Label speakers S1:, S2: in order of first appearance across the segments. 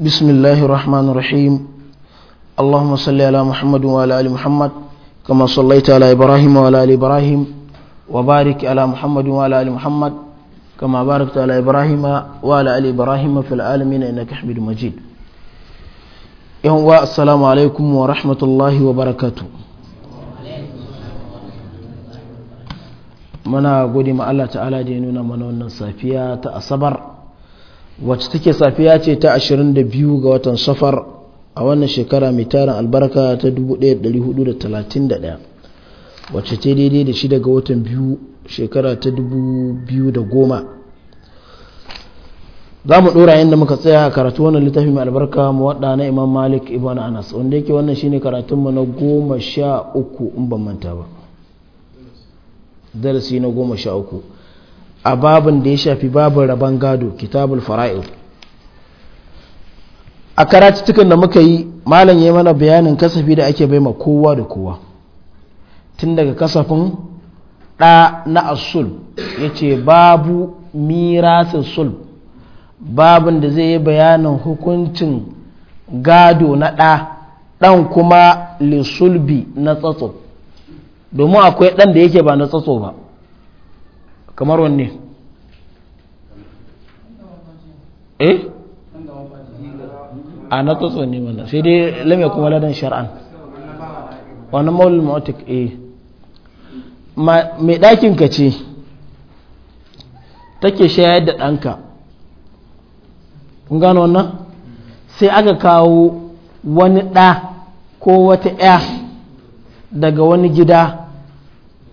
S1: بسم الله الرحمن الرحيم اللهم صل على محمد وعلى ال محمد كما صليت على ابراهيم وعلى ال ابراهيم وبارك على محمد وعلى ال محمد كما باركت على ابراهيم وعلى ال ابراهيم في العالمين انك حميد مجيد يوم السلام عليكم ورحمه الله وبركاته muna gode ma Allah ta'ala da ya nuna mana wannan safiya ta asabar wacce take safiya ce ta 22 ga watan safar a wannan shekara mai tarin albarka ta 1431 wacce ta daidai da shi daga watan biyu shekara ta 2010 za mu ɗora yadda muka tsaya a karatu wannan littafi mai albarka mu waɗa na imam malik ibn anas wanda yake wannan shine karatunmu na goma sha uku in ban manta ba darasi na goma sha uku a babin da ya shafi babin rabon gado kitabul fara'il a karatuttukan da muka yi malam ya mana bayanin kasafi da ake baima kowa da kowa tun daga kasafin ɗa na asul ya ce babu mirasin sul babin da zai yi bayanin hukuncin gado na ɗa ɗan kuma lissulbi na tsatso domin akwai ɗan da yake ba na tsatso ba kamar wanne eh a na tsotso ne mana sai dai lamai kuma ladan shar'an wani maulul mautik eh mai ɗakin ka ce take shayar da ɗanka kun gano wannan sai aka kawo wani ɗa ko wata ɗaya daga wani gida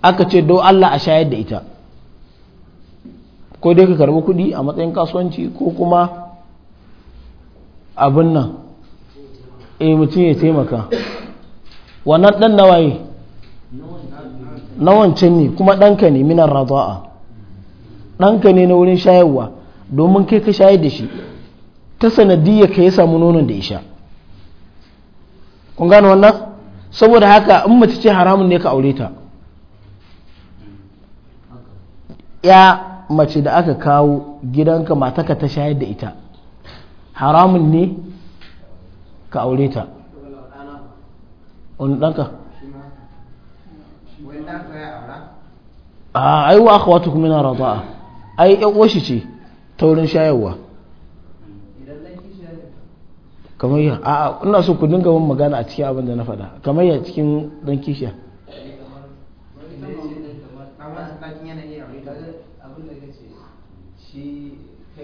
S1: aka ce do Allah a shayar da ita ko dai ka karbi kuɗi a matsayin kasuwanci ko kuma abin nan e mutum ya taimaka wannan dan nawaye na wancan ne kuma danka ne minan raza'a danka ne na wurin shayarwa domin kai ka shayar da shi ta sanadiyya ka ya samu nonon da isha. kun gano wannan saboda haka in mace ce haramun ne ka aure ta ya mace da aka kawo gidanka mataka ta shayar da ita haramun ne ka aure ta wani ɗanka a ah, aiwa aka wata kuma yana raza'a ai yan shi ce ta wurin shayarwa kamar yi a ina so ku dinga wani magana a cikin abin da na faɗa kamar yi a cikin ɗan kishiya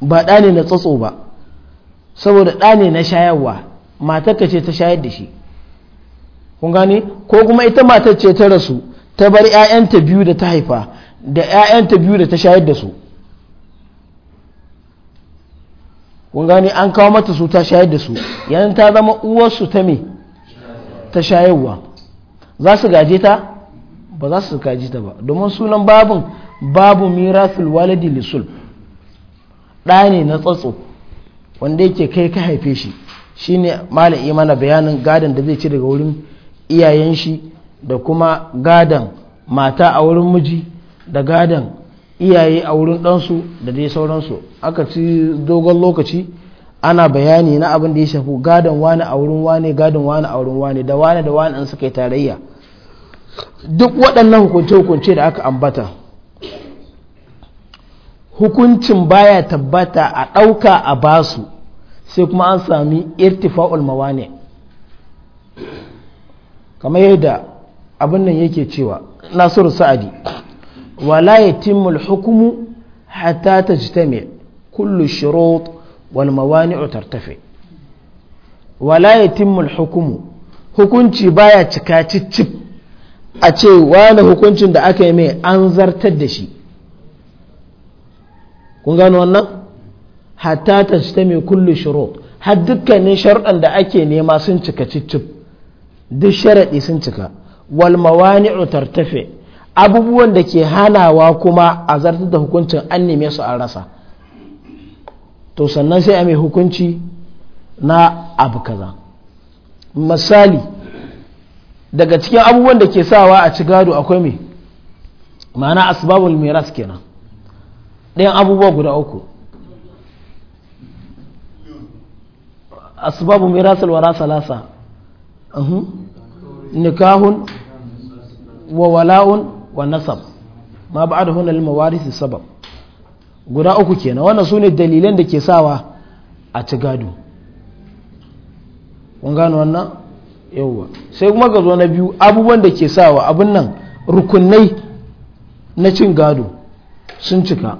S1: ba ɗa ne na tsatso ba saboda ɗa ne na shayarwa ka ce ta shayar da shi kun gani ko kuma ita matar ce ta rasu ta bar 'ya'yanta biyu da ta haifa da 'ya'yanta biyu da ta shayar da su kun gani an kawo mata su ta shayar da su yanzu ta zama uwarsu ta me ta shayarwa za su gaje ta ba za su gaje ta ba domin sunan babin babu mirasul walidi lisul ɗa ne na tsatso wanda yake kai ka haife shi Shi ne malin imana bayanin gadon da zai ci daga wurin iyayen shi da kuma gadon mata a wurin miji da gadon iyaye a wurin ɗansu da dai sauransu aka ci dogon lokaci ana bayani na abin da ya shafi gadon wani a wurin wani gadon wani a wurin wani da wani da wani an suka yi tarayya duk waɗannan hukunce-hukunce da aka ambata hukuncin baya tabbata a ɗauka a basu sai kuma an sami irtifa'ul mawane kamar yadda abin nan yake cewa nasiru sa'adi wala yatimul hukumu hatta tajtami kullu shirot wal mawani'u tartafi wala yatimul hukumu hukunci baya cika cicip a ce wani hukuncin da aka yi mai an zartar da shi kun gano wannan hatta tajtami kullu shurut har dukkanin sharuɗan da ake nema sun cika cicif duk sharaɗi sun cika wal mawani'u tartafe abubuwan da ke hanawa kuma a zartar da hukuncin an neme su an rasa to sannan sai a mai hukunci na abu kaza misali daga cikin abubuwan da ke sawa a ci gado akwai mai ma'ana asbabul miras kenan ɗayan abubuwa guda uku asbabu mirasal wara salasa nikahun wa wala'un wa nasab ma ba'da huna lil mawarith sabab guda uku kenan wannan sune dalilan da ke sawa a ci gado kun gano wannan yawwa sai kuma ga zo na biyu abubuwan da ke sawa abin nan rukunai na cin gado sun cika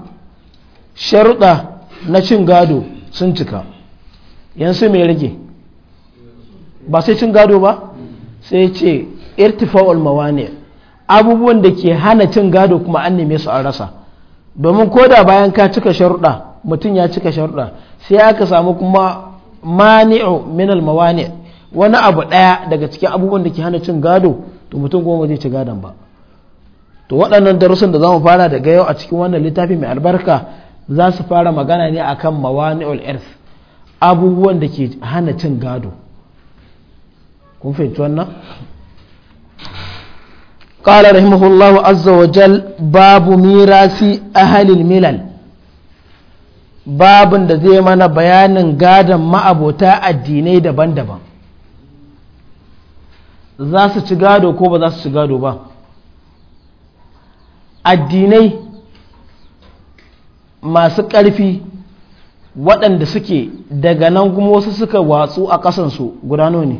S1: sharuɗa na cin gado sun cika yanzu mai rage ba sai cin gado ba sai ce irtifa'ul ne abubuwan da ke hana cin gado kuma an neme su a rasa domin ko da bayan ka cika sharuɗa mutum ya cika sharuɗa sai aka samu kuma mani'u minal ne wani abu ɗaya daga cikin abubuwan da ke hana cin gado to mutum goma zai ci gadon ba to waɗannan darussan da za mu fara daga yau a cikin wannan littafi mai albarka za su fara magana ne a kan mawani'ul earth abubuwan da ke hana cin gado kun fahimci wannan قال رحمه الله عز وجل باب a halin milal, babin da zai mana bayanin gadon ma'abota addinai daban-daban za su ci gado ko ba za su ci gado ba addinai masu ƙarfi waɗanda suke daga nan kuma wasu suka watsu a ƙasansu gudano ne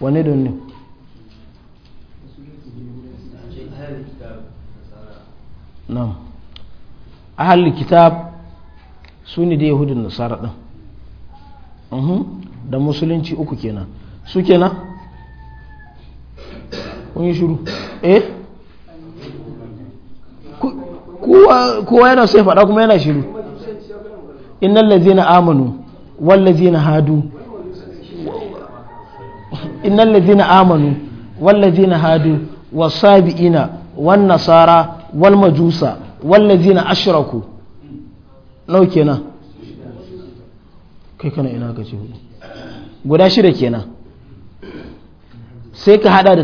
S1: wane don ne nan ahalli kitab su ne da yahudun nasara ɗin da musulunci uku kenan su kenan kun yi shuru eh kowa yana so ya faɗa kuma yana shiru innal ladzina amanu wal hadu innal ladzina amanu wal ladzina hadu wasabi'ina wan nasara wal majusa wal ladzina ashraku nau kenan kai kana ina ka hudu guda shida kenan sai ka hada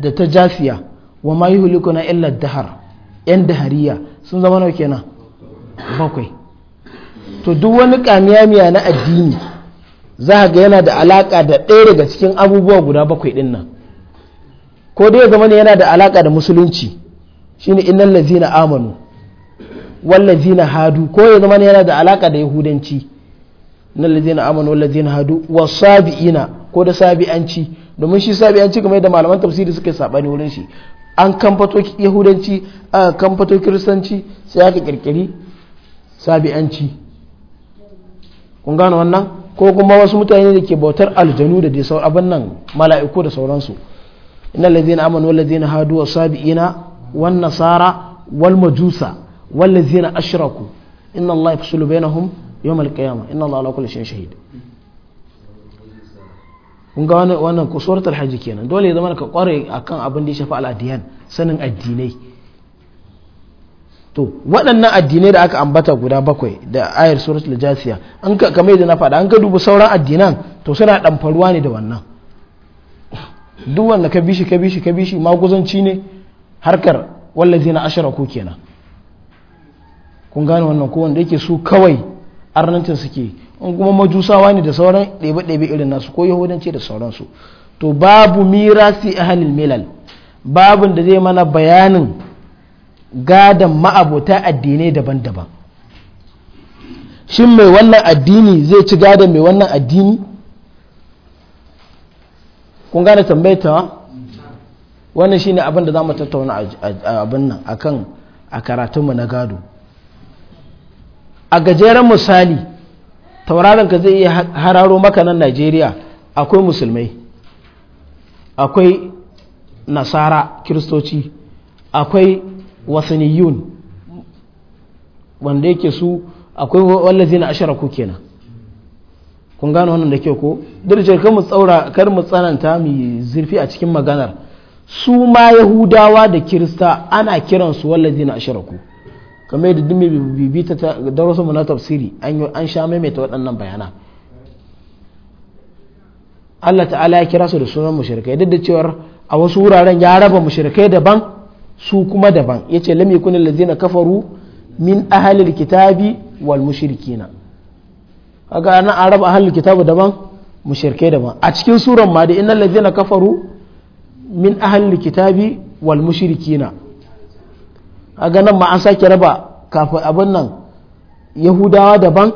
S1: da ta jafiya wa ma yuhlikuna illa dahar 'yan dahariya sun zama nau kenan bakwai to duk wani kamiyamiya na addini za ga yana da alaka da ɗaya daga cikin abubuwa guda bakwai ɗin nan ko dai zama ne yana da alaka da musulunci shine innal ladzina amanu wal ladzina hadu ko ya zama ne yana da alaka da yahudanci na ladzina amanu wal ladzina hadu sabi'ina ko da sabi'anci domin shi sabi'anci kamar da malaman tafsiri suke ne wurin shi an kamfato yahudanci aka kamfato kiristanci sai aka kirkiri sabi'anci kun gane wannan ko kuma wasu mutane da ke bautar aljanu da dai abin nan mala'iku da sauransu ina inna na amanu wal na hadu wa sabiina wan nasara wal majusa wal na ashraku inna allaha yafsulu bainahum yawm al qiyamah inna allaha ala kulli shay'in shahid kun ga wannan ku hajji kenan dole ya zama ka kware akan abin da ya shafi al'adiyan sanin addinai to waɗannan addinai da aka ambata guda bakwai da ayar surat lajasiya an ka kamar yadda na faɗa an ka dubi sauran addinan to suna faruwa ne da wannan duk wanda ka bishi ka bishi ka bishi maguzanci ne harkar zai na ashara ko kenan kun gane wannan ko wanda yake su kawai arnancin suke in kuma majusawa ne da sauran ɗebe-ɗebe irin nasu ko yahudanci da sauransu to babu mirasi ahalil milal babin da zai mana bayanin gadon ma'abota addinai daban-daban shin mai wannan addini zai ci gadon mai wannan addini kun gane tambayta wannan shine abin da za mu tattauna abin nan akan a karatunmu na gado a gajeren misali tauraron ka zai iya hararo maka nan najeriya akwai musulmai akwai nasara kiristoci akwai wasaniyun wanda yake su akwai wallazi na ashara ku kenan kun gano wannan da kyau ko dirje kar mu tsaura mu tsananta mu zurfi a cikin maganar su ma yahudawa da kirista ana kiransu wallazi na ashara ku kamar yadda duk mai bibita ta darasin mu na tafsiri an sha maimaita waɗannan bayana Allah ta'ala ya kira su da sunan mushrikai duk da cewar a wasu wuraren ya raba mushrikai daban su kuma daban yace lam yakun allazina kafaru min ahlil kitabi wal mushrikina kaga an raba ahlil kitabi daban mushrikai daban a cikin suran ma da innal ladzina kafaru min ahlil kitabi wal mushrikina a ganin ma an sake raba kafin abin nan yahudawa daban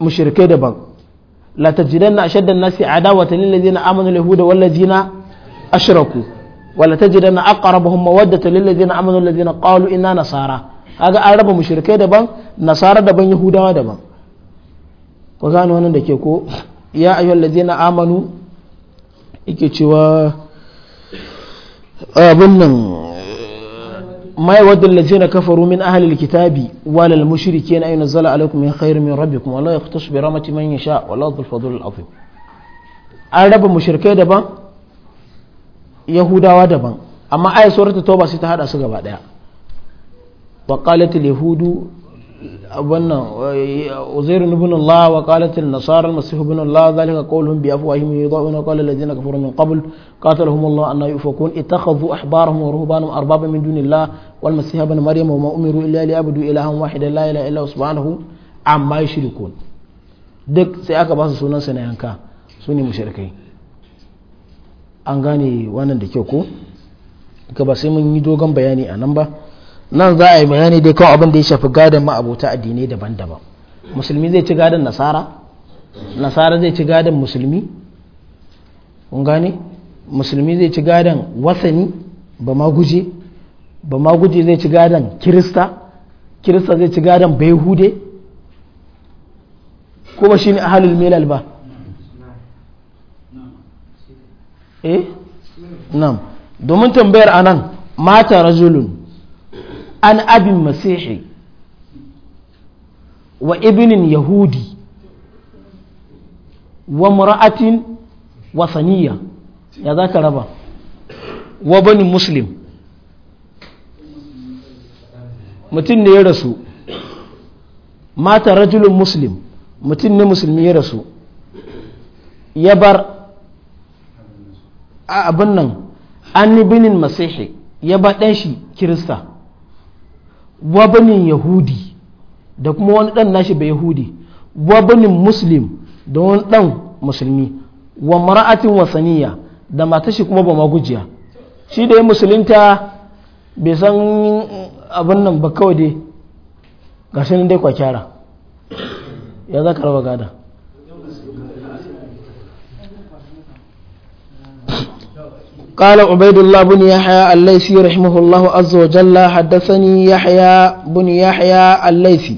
S1: mushirkai daban la na shaddan nasi adawata lil ladina amanu yahuda wal ladina ashraku wala tajidanna aqrabahum mawaddata lil ladina amanu alladina qalu inna nasara kaga an raba mushirkai daban nasara daban yahudawa daban ku gano wannan da ke ko ya ayyuhal ladina amanu yake cewa abin nan ما يود الذين كفروا من أهل الكتاب ولا المشركين أن ينزل عليكم من خير من ربكم ولا يختص برحمة من يشاء ولا ذو الفضل العظيم أرب مشركين دبا يهودا ودبا أما آية سورة التوبة ستهاد أسقى بعدها وقالت اليهود wannan uzairu ibn Allah wa qalat an-nasara al-masih ibn Allah zalika qawluhum bi afwahihim yudawuna qala alladhina kafaru min qabl qatalahum Allah anna yufakun ittakhadhu ahbarahum wa ruhbanahum arbaba min dunillah wal masih ibn maryam wa ma umiru illa liyabudu ilahan wahidan la ilaha illa subhanahu amma yushrikun duk sai aka ba su sunan sa na yanka su ne mushrikai an gane wannan da kyau ko ka ba sai mun yi dogon bayani a nan ba nan za a yi bayani dai kawai abin da ya shafi gadon ma'abota addinai daban-daban musulmi zai ci gadon nasara nasara zai ci gadon musulmi kun gane musulmi zai ci gadon wasani ba ma guje ba ma guje zai ci gadon kirista kirista zai ci gadon bai hude ko ba shi ne ahalul milal ba eh nam domin tambayar anan mata rajulun an abin masihi wa ibnin yahudi wa mura'atin wasaniya ya za ka raba wa bani muslim mutum ne ya rasu mata rajulun muslim mutum ne musulmi ya rasu ya bar abin nan an binin masihi ya ba ɗan shi kirista wabanin yahudi da kuma wani ɗan nashi bai yahudi wabanin muslim da wani ɗan musulmi wa mara'atin wasaniya da matashi kuma ba magujiya shi da ya musulunta bai san abin nan ba kawai dai gashin nan dai kwakyara ya za ka raba gada قال عبيد الله بن يحيى الليثي رحمه الله عز وجل حدثني يحيى بن يحيى الليثي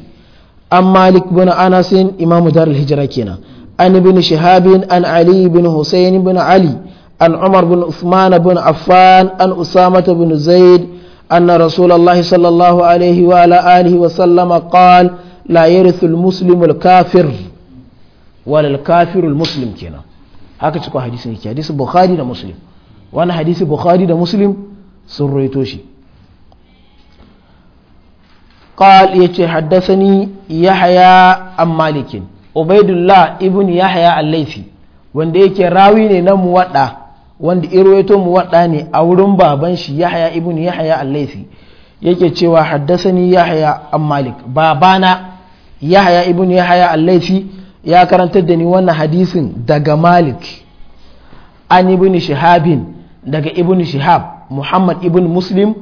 S1: عن مالك بن أنس إمام دار الهجرة كنا عن ابن شهاب عن علي بن حسين بن علي عن عمر بن عثمان بن عفان عن أسامة بن زيد أن رسول الله صلى الله عليه وعلى آله وسلم قال لا يرث المسلم الكافر ولا الكافر المسلم كنا هكذا حديث حديث البخاري ومسلم wani hadisi bukhari da muslim sun raito shi قال يتي حدثني يحيى عن مالك عبيد الله ابن يحيى الليثي wanda yake rawi ne na muwadda wanda irwaito muwadda ne a wurin baban shi Yahya ibn Yahya al-Laythi yake cewa haddasani Yahya an Malik babana Yahya ibn Yahya al-Laythi ya karantar da ni wannan hadisin daga Malik an ibn Shihabin daga ibn shihab muhammad ibn muslim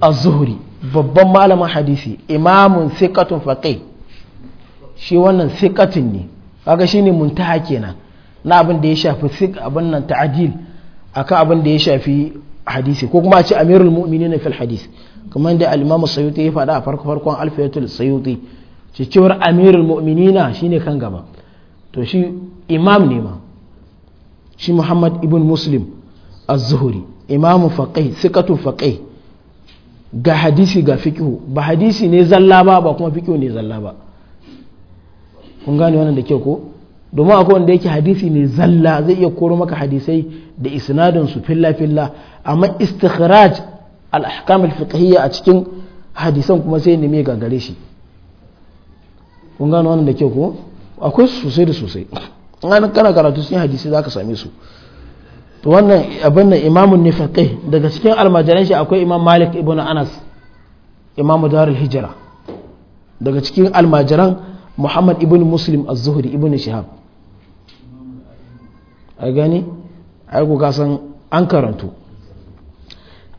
S1: az-zuhri babban malamin hadisi imamun sikatun faqih shi wannan sikatun ne kaga shine muntaha kenan na abin da ya shafi sik abin nan ta'adil akan abin da ya shafi hadisi ko kuma a ce amirul mu'minin fil hadis kamar da al-imam sayyuti ya faɗa a farko farkon alfiyatul sayyuti cewar amirul mu'minina shine kan gaba to shi imam ne ma shi muhammad ibn muslim الزهري امام imamu ثقه فقيه غا ga hadisi ga با ba hadisi ne zalla ba كما kuma ني ne zalla ba kun gane wannan da kyau ko domin akwai wanda yake hadisi ne zalla zai iya koro maka hadisai da isnadin su filla filla amma istikhraj al-ahkam al-fiqhiyya a cikin hadisan kuma sai neme ga gare shi kun gane wannan da kyau ko akwai sosai da sosai an kana karatu sun hadisi zaka same su to wannan abin nan imamun ne daga cikin almajiran shi akwai imam malik ibn anas imamu darul hijira daga cikin almajiran muhammad ibn muslim az-zuhri ibn shihab a gani ai ku kasan an karantu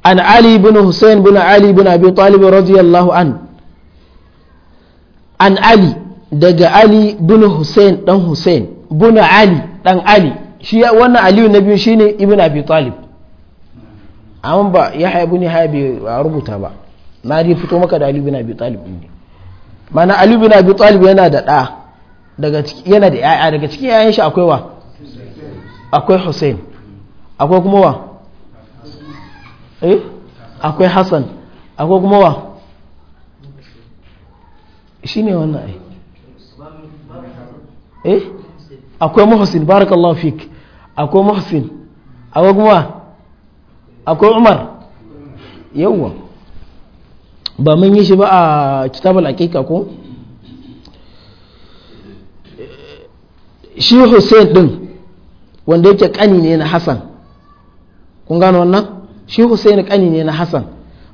S1: an ali ibn husayn ibn ali ibn abi talib radiyallahu an an ali daga ali ibn husayn dan husayn ibn ali dan ali shi wannan aliyu na biyu shine ibn abi talib amma ba ya haibu ne haibu a rubuta ba na dai fito maka da aliyu bin abi talib ne mana aliyu bin abi talib yana da ɗa daga yana da ya'ya daga cikin yayan shi akwai wa akwai hussein akwai kuma wa eh akwai hassan akwai kuma wa shine wannan ai eh akwai muhsin barakallahu fik akwai muhsin akwai kuma akwai umar yawwa ba mun yi shi ba a kitabul akika ko shi hussein din wanda yake kani ne na hassan kun gano wannan shi hussein kani ne na hassan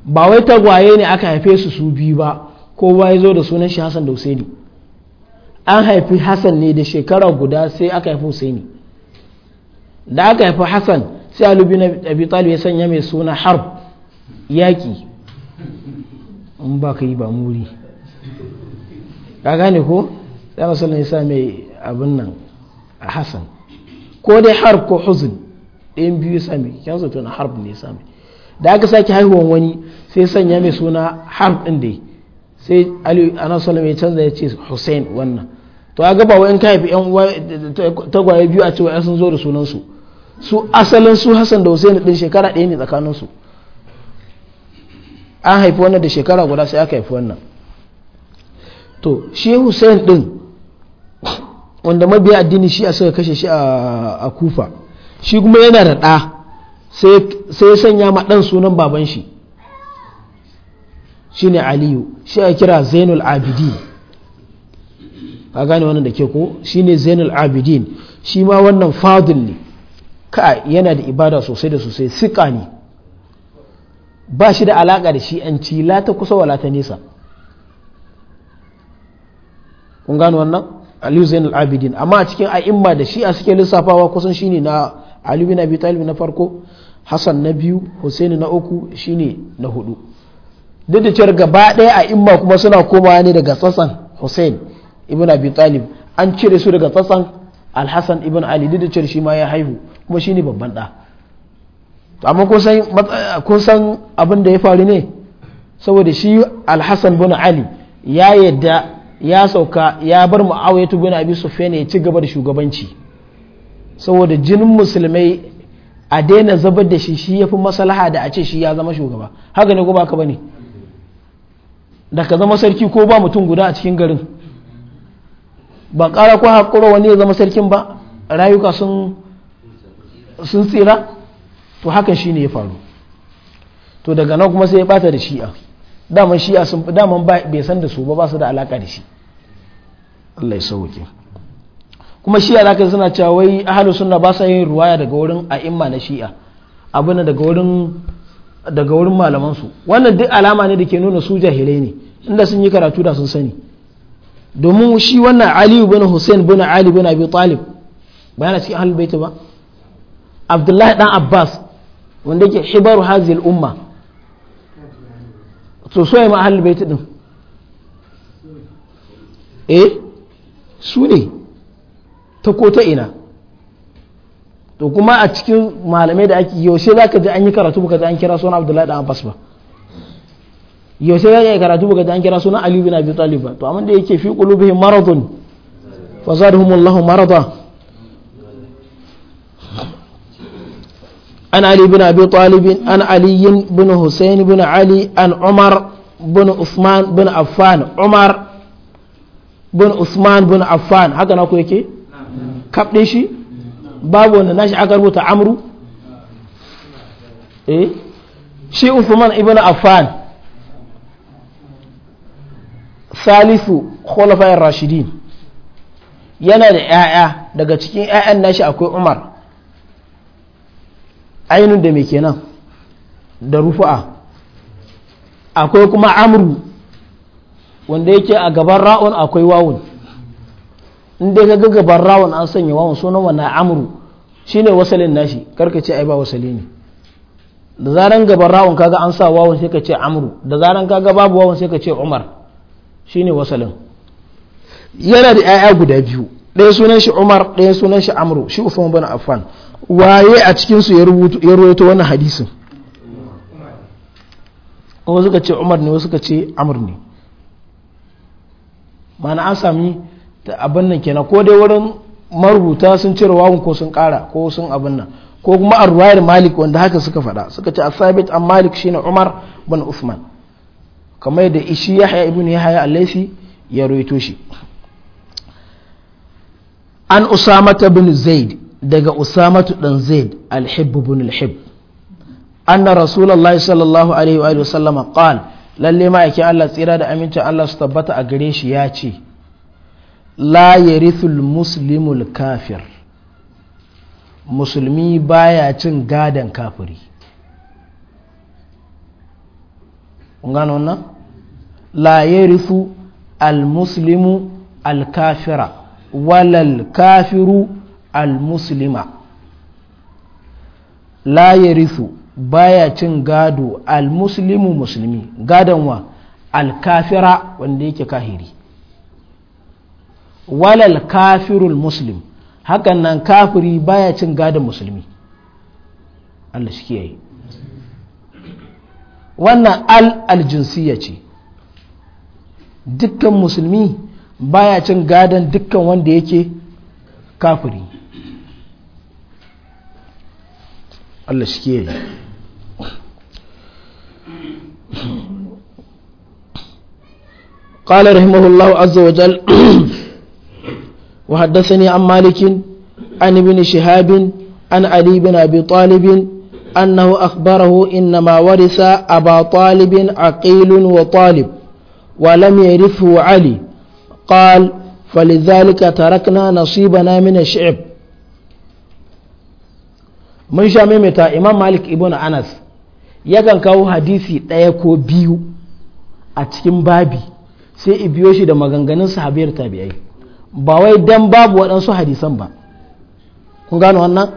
S1: ba wai tagwaye ne aka haife su su biyu ba ba ya zo da sunan shi hassan da husaini an haifi hassan ne da shekara guda sai aka haifi husaini da aka haifi hassan sai ali na abi talib ya sanya mai suna harb yaki in ba ka yi ba muri ka gane ko sai masallan ya sa mai abin nan a hassan ko dai harb ko huzun ɗayan biyu sami kyan zato na harb ne sami da aka sake haihuwan wani sai sanya mai suna harb ɗin dai sai ali ana salama ya canza ya ce hussein wannan to a gaba wa'in ka haifi yan uwa tagwaye biyu a cewa sun zo da sunansu su asalin su Hassan da Hussein din shekara ɗaya ne tsakanin an haifi wannan da shekara guda sai aka haifi wannan to shi Hussein din wanda mabiya addini shi a suka kashe shi a Kufa shi kuma yana da ɗa sai ya sanya ma ɗan sunan baban shi shi ne Aliyu shi a kira Zainul Abidin ka gane wannan da ke ko shine zainul abidin shi ma wannan fadil ne ka yana da ibada sosai da sosai siƙa ne ba shi da alaƙa da shi an ci la kusa wa Lata nesa kun gane wannan aliyu zainul abidin amma a cikin a'imma da shi a suke lissafawa kusan shine na Aliyu bin abi talib na farko hassan na biyu husaini na uku shine na hudu duk da cewar gaba ɗaya a kuma suna komawa ne daga tsatsan Hussaini. ibn abi talib an cire su daga tsatsan alhassan ibn ali duk da cire shi ma ya haihu kuma shi ne babban ɗa amma kun san abin da ya faru ne saboda shi alhassan ibn ali ya yadda ya sauka ya bar mu'awiyatu bin abi sufyan ya ci gaba da shugabanci saboda jinin musulmai a daina zabar da shi shi yafi maslaha da a ce shi ya zama shugaba haka ne ko ka bane da ka zama sarki ko ba mutum guda a cikin garin ba ƙara ko haƙura wani ya zama sarkin ba rayuka sun tsira to hakan shi ne ya faru to daga nan kuma sai ya bata da shi'a daman shi'a sun daman bai san da su ba ba su da alaka da shi Allah ya sauke kuma shi'a zaka suna cewa wai suna suna ba sa yin ruwaya daga wurin a'imma na shi'a abu ne daga wurin daga malaman wannan duk alama ne da ke nuna su jahilai ne inda sun yi karatu da sun sani domin shi wannan aliyu bin hussein bin ali bin abi talib ba yana cikin ahlul baiti ba abdullahi dan abbas wanda yake hibaru hazil umma to so ma ahlul baiti din eh su ne ta ko ta ina to kuma a cikin malamai da ake yaushe za ka ji an yi karatu baka ji an kira sunan abdullahi dan abbas ba yaushe ya karatu ba an kira suna Ali bin Abi Talib ba to amma da yake fi qulubihim maradun fa zadahumullahu marada an Ali bin Abi Talib an Ali bin Husayn bin Ali an Umar bin Uthman bin Affan Umar bin Uthman bin Affan haka na ku yake kabde shi babu wanda nashi aka rubuta amru eh shi Uthman ibn Affan Salisu khulafa'ir rashidin yana da 'ya'ya daga cikin 'ya'yan nashi akwai umar ainihin da mai kenan da rufu'a akwai kuma amuru wanda yake a gaban ra'un akwai wawun inda ya gaban ra'un an sanya wawun sunan wannan shi shine wasalin nashi karka ce ai ba wasali ne da zaren gaban ra'un kaga an sa wawun sai ka ce amuru da zaren kaga babu wawun sai ka ce umar shine wasalin yana da 'ya'ya guda biyu ɗaya sunan shi Umar ɗaya sunan shi Amru shi Uthman bin Affan waye a cikin su ya rubuto wannan hadisin wasu suka ce Umar ne wasu suka ce Amr ne mana an sami abin nan kenan ko dai wurin marubuta sun cire wawun ko sun ƙara ko sun abin nan ko kuma a ruwayar Malik wanda haka suka faɗa suka ce a sabit an Malik shine Umar bin Uthman kamar da ishi haya ibn ya haya laisi ya ruwaito shi an usamata bin zaid daga usamatu dan zaid al bin al anna rasulullahi sallallahu alaihi wa sallam qala lalle yake Allah tsira da amincin Allah su tabbata a gare shi ya ce la yarithul muslimul kafir musulmi baya cin gadon kafiri kun gano la yarithu almuslimu alkafira walal kafiru almuslima la yarisu baya cin gado almuslimu musulmi gadon wa alkafira wanda yake kahiri walal kafirul muslim hakan nan kafiri baya cin gado musulmi Allah shi ke yi. wannan al aljinsiyya ce dukkan musulmi baya cin gadon dukkan wanda yake kafiri Allah shi ke قال رحمه الله عز وجل وحدثني عن مالك عن ابن شهاب عن علي بن أبي طالب أنه أخبره إنما ورث أبا طالب عقيل وطالب ولم يرثه علي قال فلذلك تركنا نصيبنا من الشعب mun sha maimaita imam malik ibn anas yakan kawo hadisi ɗaya ko biyu a cikin babi sai biyo shi da maganganun sahabiyar tabi'ai ba wai dan babu waɗansu hadisan ba kun gano wannan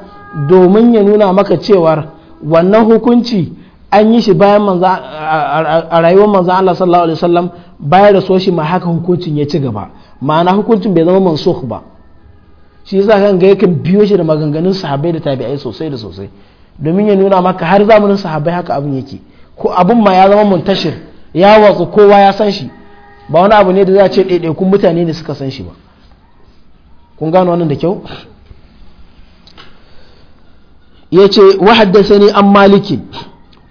S1: domin ya nuna maka cewar wannan hukunci an yi shi bayan a rayuwar manzan Allah sallallahu alaihi wasallam bayan da shi ma haka hukuncin ya ci gaba ma'ana hukuncin bai zama mansukh ba shi yasa kan ga yakan biyo shi da maganganun sahabai da tabi'ai sosai da sosai domin ya nuna maka har zamanin sahabai haka abin yake ko abin ma ya zama muntashir ya watsu kowa ya san shi ba wani abu ne da za a ce ɗaiɗaikun mutane ne suka san shi ba kun gano wannan da kyau ya ce wa an malikin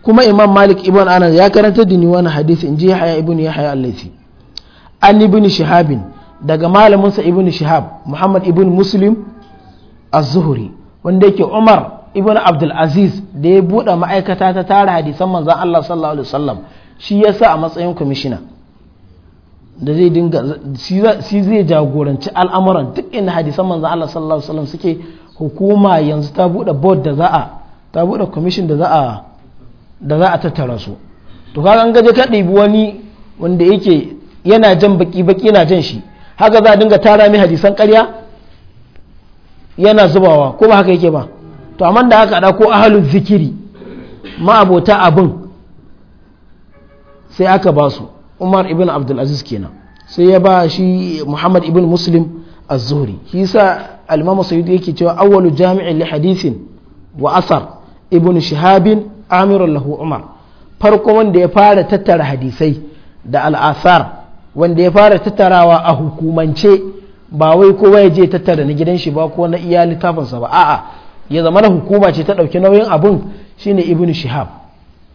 S1: kuma imam malik ibn anas ya karanta da ni wani hadisi in ji haya ibn ya haya allaisi an ibn shihabin daga malaminsa ibn shihab muhammad ibn muslim az-zuhri wanda yake umar ibn abdul aziz da ya buɗe ma'aikata ta tara hadisan manzon allah sallallahu alaihi wasallam shi ya sa a matsayin kwamishina da zai dinga shi zai jagoranci al'amuran duk inda hadisan manzon allah sallallahu alaihi wasallam suke hukuma yanzu ta bude board da za a ta bude commission da za a da za a tattara su to kaga an gaje ka ɗibi wani wanda yake yana jan baki baki yana jan shi haka za a dinga tara mai hadisan ƙarya yana zubawa ko ba haka yake ba to amma da haka da ko ahalul zikiri ma'abota abin sai aka ba su umar ibn abdulaziz kenan sai ya ba shi muhammad ibn muslim az-zuhri shi sa almama imam sayyidi yake cewa awwalu jami'in li hadithin wa asar ibn shihabin amirul lahu umar farko wanda ya fara tattara hadisai da al'asar wanda ya fara tattarawa a hukumance ba wai kowa ya je tattara na gidan shi ba ko na iya littafinsa ba a'a ya zama na hukuma ce ta ɗauki nauyin abun shine ibn shihab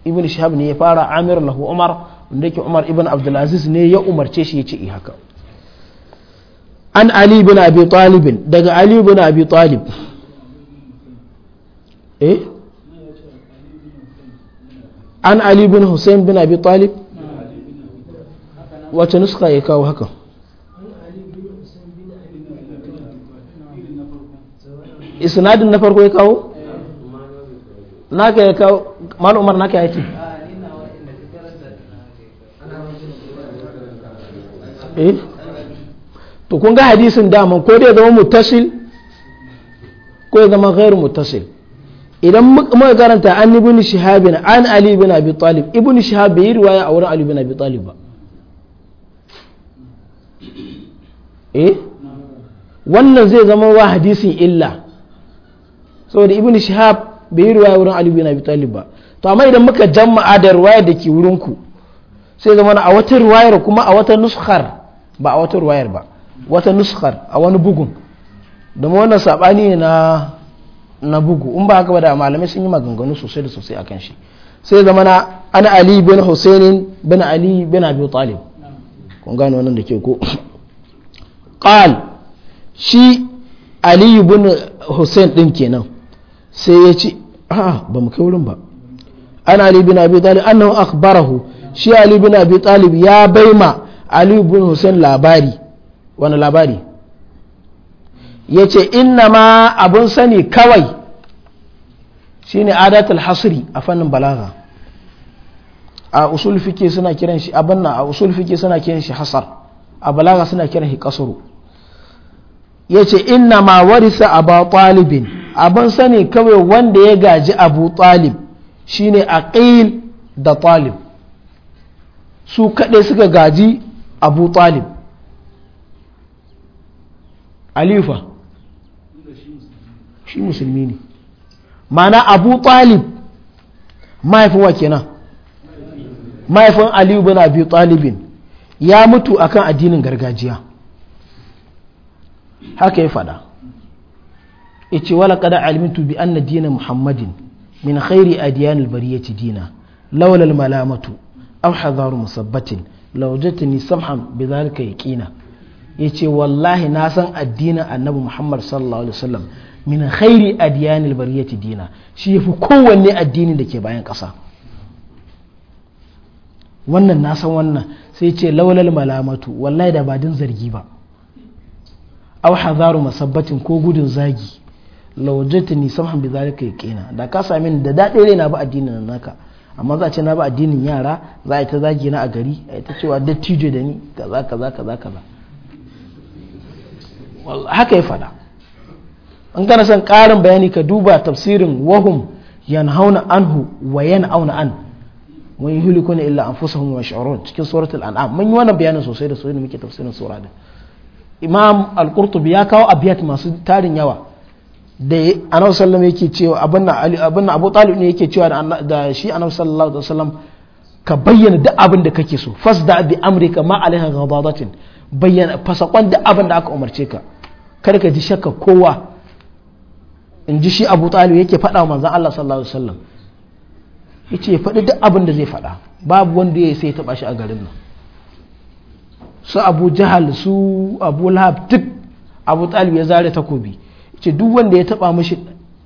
S1: ibn shihab ne ya fara amir lahu umar wanda yake umar ibn abdulaziz ne ya umarce shi ya ce haka an ali bin abi talibin daga ali bin abi talib eh an ali bin hussein bin abi talib wata nuska ya kawo haka isnadin na farko ya kawo naka ya kawo mal umar naka ya ce eh to kun ga hadisin daman ko dai zama mutasil ko ya zama ghairu mutasil idan muka karanta an ibn shihab an ali ibn abi talib ibn shihab bai riwaya a wurin ali ibn abi talib ba eh wannan zai zama wa hadisin illa saboda ibn shihab bai riwaya wurin ali ibn abi talib ba to amma idan muka jama'a da riwaya da ke ku sai zama a wata riwayar kuma a wata nuskhar ba a wata riwayar ba wata nuskar a wani bugun domin wannan saɓani ne na na bugu in ba haka ba da malamai sun yi maganganu sosai da sosai akan shi sai zama na ana ali bin husainin bin ali bin abi talib kun gano nan da ke ko qal shi ali bin husain din kenan sai ya ce a ba mu kai wurin ba ana ali bin abi talib annahu akhbarahu shi ali bin abi talib ya baima ali bin husain labari wani labari ya ce inna ma abun sani kawai shine adatul hasri a fannin balaga a usul fike suna kiran shi abin a usul fike suna kiran shi hasar a balaga suna kiran shi kasuru ya ce inna ma warisa abu talibin abin sani kawai wanda ya gaji abu talib shine aqil da talib su kaɗai suka gaji abu talib alifa shi musulmi ne mana abu talib mahaifin wa kenan mahaifin aliyu bin talibin ya mutu akan addinin gargajiya haka ya fada ice wala kada almintu bi anna dina muhammadin min khairi adiyan albariyati dina laulal malamatu aw hadaru musabbatin laujatini samhan bidhalika yaqina ya ce wallahi na san addinin annabi muhammad sallallahu alaihi wasallam min khairi adiyanil bariyati dina shi yafi kowanne addini da ke bayan ƙasa wannan na san wannan sai ce laulal malamatu wallahi da ba din zargi ba aw hazaru masabbatin ko gudun zagi ni samhan bi zalika yaqina da ka sami da dade rai na ba addinin naka amma za a ce na ba addinin yara za a yi ta zagi na a gari a yi ta cewa dattijo da ni kaza kaza kaza kaza haka ya faɗa an kana son ƙarin bayani ka duba tafsirin wahum yan hauna anhu wa auna an wa yuhlikuna illa anfusahum wa yash'urun cikin suratul an'am mun yi wannan bayanin sosai da sosai da muke tafsirin sura da imam al-qurtubi ya kawo abiyat masu tarin yawa da annabi Sallam yake cewa abinna ali abinna abu talib ne yake cewa da shi annabi sallallahu alaihi wasallam ka bayyana duk abin da kake so fasda bi amrika ma alaiha ghadadatin bayyana fasakon duk abin da aka umarce ka Kar ka ji shakka kowa in ji shi abu talib yake faɗa manzan Allah sallallahu alaihi wasallam yace ya faɗi duk abin da zai faɗa babu wanda ya sai taɓa shi a garin nan su abu jahal su abu lahab duk abu talib ya zare takobi ce duk wanda ya taɓa mashi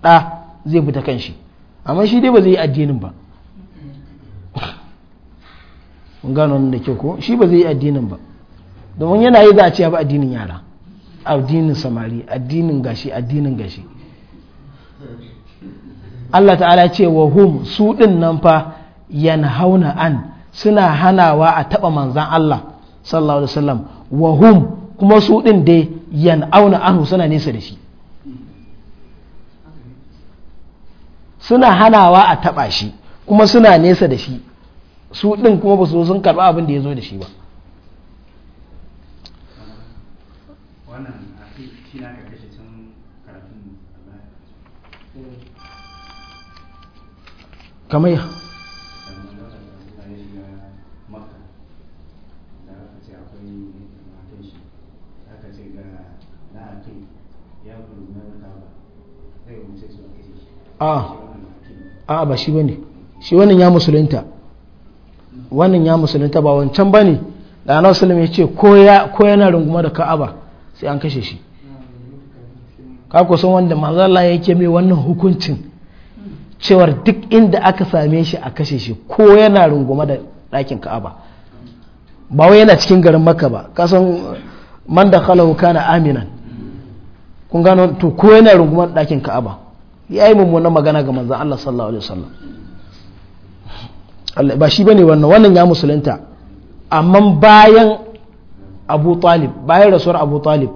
S1: ɗa zai bi ta kan shi amma shi dai ba zai yi addinin ba gano da kyau ko shi ba zai yi addinin ba domin yana yi za a ce ba addinin yara addinin samari addinin gashi addinin gashi Allah ta'ala ce wa hum su din nan fa yanhauna an suna hanawa a taba manzan Allah sallallahu alaihi wasallam wa hum kuma su din dai auna anhu suna nesa da shi suna hanawa a taba shi kuma suna nesa da shi su din kuma ba su sun karba abin da ya zo da shi ba wannan a shi na ka kashe can karatun kamar ya a ah. Ah. Ah, ba shi ba ne shi wannan ya musulunta wannan ya musulunta ba wancan ba ne da ana ya ce ko yana runguma da ka'aba sai an kashe shi kako san wanda mazala ya yake mai wannan hukuncin cewar duk inda aka same shi a kashe shi ko yana rungume da ɗakin Ka'aba ba wai yana cikin garin Makka ba kasan man da khalahu kana aminan kun gano to ko yana rungume da ɗakin Ka'aba yi mummunan magana ga manzo Allah sallallahu alaihi wasallam ba shi bane wannan wannan ya musulunta amma bayan abu talib bayan rasuwar abu talib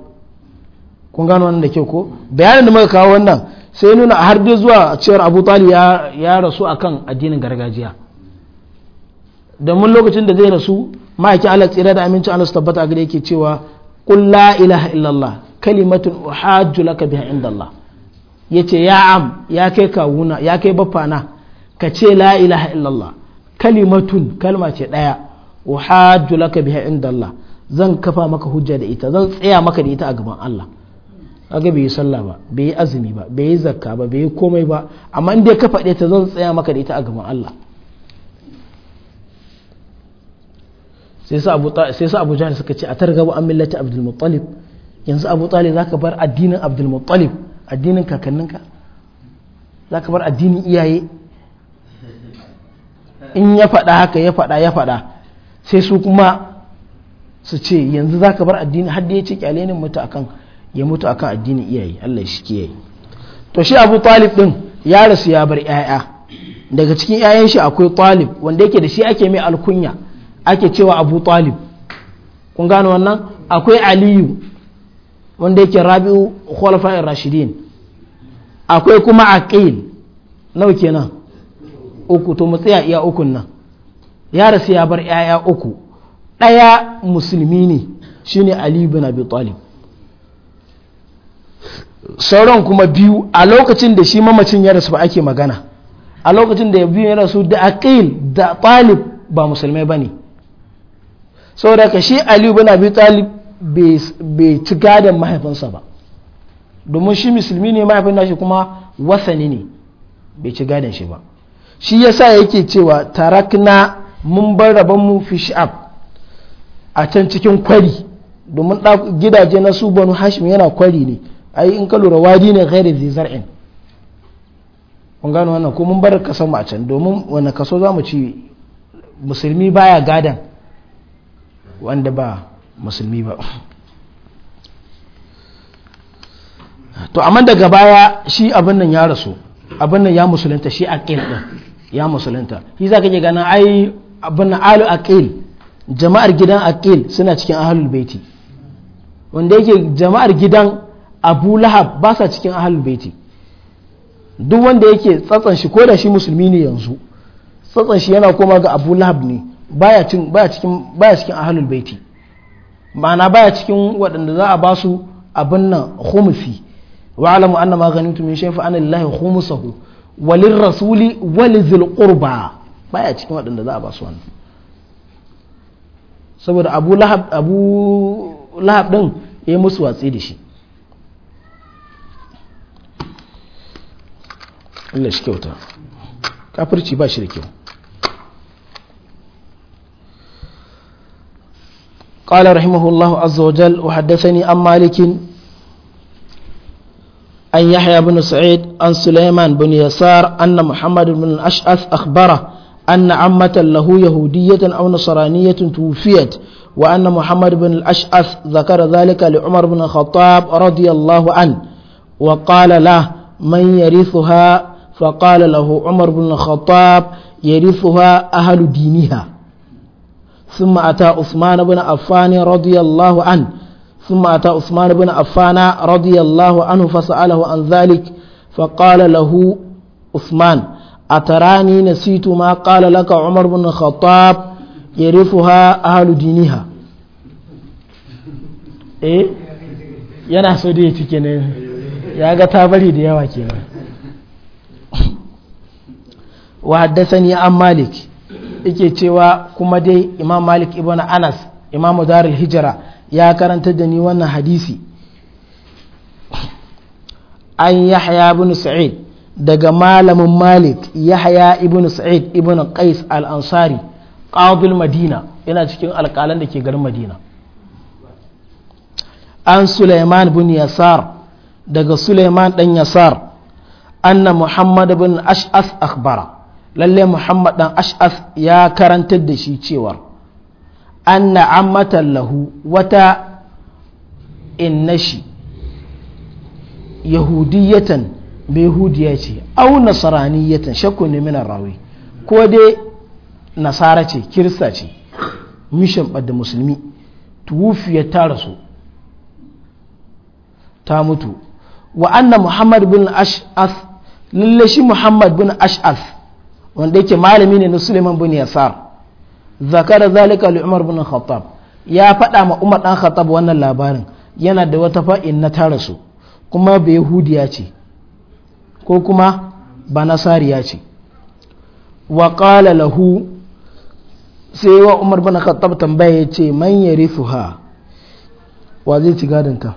S1: kun gano wannan da kyau ko bayanin da muka kawo wannan sai nuna har dai zuwa cewar abu talib ya rasu akan addinin gargajiya mun lokacin da zai rasu ma'aikin allah tsira da aminci allah su tabbata a gare yake cewa qul la ilaha illallah kalimatun uhajju laka biha inda yace ya am ya kai kawuna ya kai baffana ka ce la ilaha illallah kalimatun kalma ce daya uhajju laka biha inda zan kafa maka hujja da ita zan tsaya maka da ita a gaban Allah kaga bai yi sallah ba bai yi azumi ba bai yi zakka ba bai yi komai ba amma in dai ka faɗe ta zan tsaya maka da ita a gaban Allah sai sa Abu sai suka ce a targabu an millata Abdul Muttalib yanzu Abu Talib ka bar addinin Abdul Muttalib addinin kakanninka za ka bar addinin iyaye in ya faɗa haka ya faɗa ya faɗa sai su kuma su ce yanzu za ka bar addini har da ya ce kyale ne mutu akan ya mutu akan addinin iyaye Allah shi ke yi to shi Abu Talib din ya rasu ya bar 'ya'ya daga cikin 'ya'yan shi akwai Talib wanda yake da shi ake mai alkunya ake cewa Abu Talib kun gano wannan akwai Aliyu wanda yake Rabi'u khulafa'i Rashidin akwai kuma Aqil nawa kenan uku to mu tsaya iya ukun nan ya rasu ya bar 'ya'ya uku ɗaya musulmi ne shi ali bin abi talib sauran kuma biyu a lokacin da shi mamacin ya rasu ba ake magana a lokacin da biyu ya rasu da aqil da talib ba musulmai ne saboda ka shi ali bin abi bai ci gadon mahaifinsa ba domin shi musulmi ne mahaifin nashi kuma wasani ne bai ci gadon shi ba shi yasa yake cewa tarakna mun bar rabonmu fi sha'ab a can cikin kwari domin gidaje na su banu hashim yana kwari ne ai in ka lura wadi ne gairi zai zar'in kun gano wannan ko mun bar kasar mu a can domin wani kaso za mu ci musulmi baya gadan wanda ba musulmi ba to amma daga baya shi abin nan ya rasu abin nan ya musulunta shi aqil din ya musulunta shi za ka je gana ai abin nan alu aqil jama'ar gidan aqil suna cikin ahlul baiti wanda yake jama'ar gidan abu lahab ba sa cikin ahlul baiti duk wanda yake tsatsan shi ko da shi musulmi ne yanzu tsatsan shi yana koma ga abu lahab ne baya cikin baya cikin ahlul baiti ma'ana baya cikin waɗanda za a ba su abin nan khumsi wa alamu anna ma ghanimtum min shay'in fa anna lillahi khumsahu walirrasuli walizil qurba baya cikin waɗanda za a ba su wannan saboda abu lahab ɗin ya musu watsi da shi Allah shi kyauta kafirci ba shi da kyau قال رحمه الله عز وجل وحدثني عن مالك عن يحيى بن سعيد عن سليمان بن يسار أن محمد بن الأشعث أخبره أن عمة له يهودية أو نصرانية توفيت وأن محمد بن الأشعث ذكر ذلك لعمر بن الخطاب رضي الله عنه وقال له من يرثها فقال له عمر بن الخطاب يرثها أهل دينها ثم أتى عثمان بن عفان رضي الله عنه ثم أتى عثمان بن عفان رضي الله عنه فسأله عن ذلك فقال له عثمان أتراني نسيت ما قال لك عمر بن الخطاب يرفها أهل دينها إيه yana so da ya ci ya ga ta bari da yawa kenan wa ni an malik yake cewa kuma dai imam malik ibn anas imam darul hijira ya karanta da ni wannan hadisi an yahya bin sa'id daga malamin malik yahya ibn sa'id ibn qais al-ansari qadul madina yana cikin alƙalan da ke garin madina an suleiman bin yasar daga suleiman ɗan yasar anna muhammad bin ash'as akhbara lalle muhammad dan ash'as ya karantar da shi cewar anna ammatan lahu wata innashi yahudiyatan behudiya ce au nasraniyatan shakku ne mina rawi ko dai nasara ce kirista ce mishan da musulmi tuwufiya ta rasu ta mutu wa anna muhammad bin ash'ath lalle shi muhammad bin ash'ath wanda yake malami ne na suleiman bin yasar zakara zalika li umar bin khattab ya faɗa ma umar dan khattab wannan labarin yana da wata fa'in na tara su kuma bai hudiya ce ko kuma ba nasariya ce wa ƙala lahu sai wa umar bin khattab tambaya ce man ha wa zai ci gadinta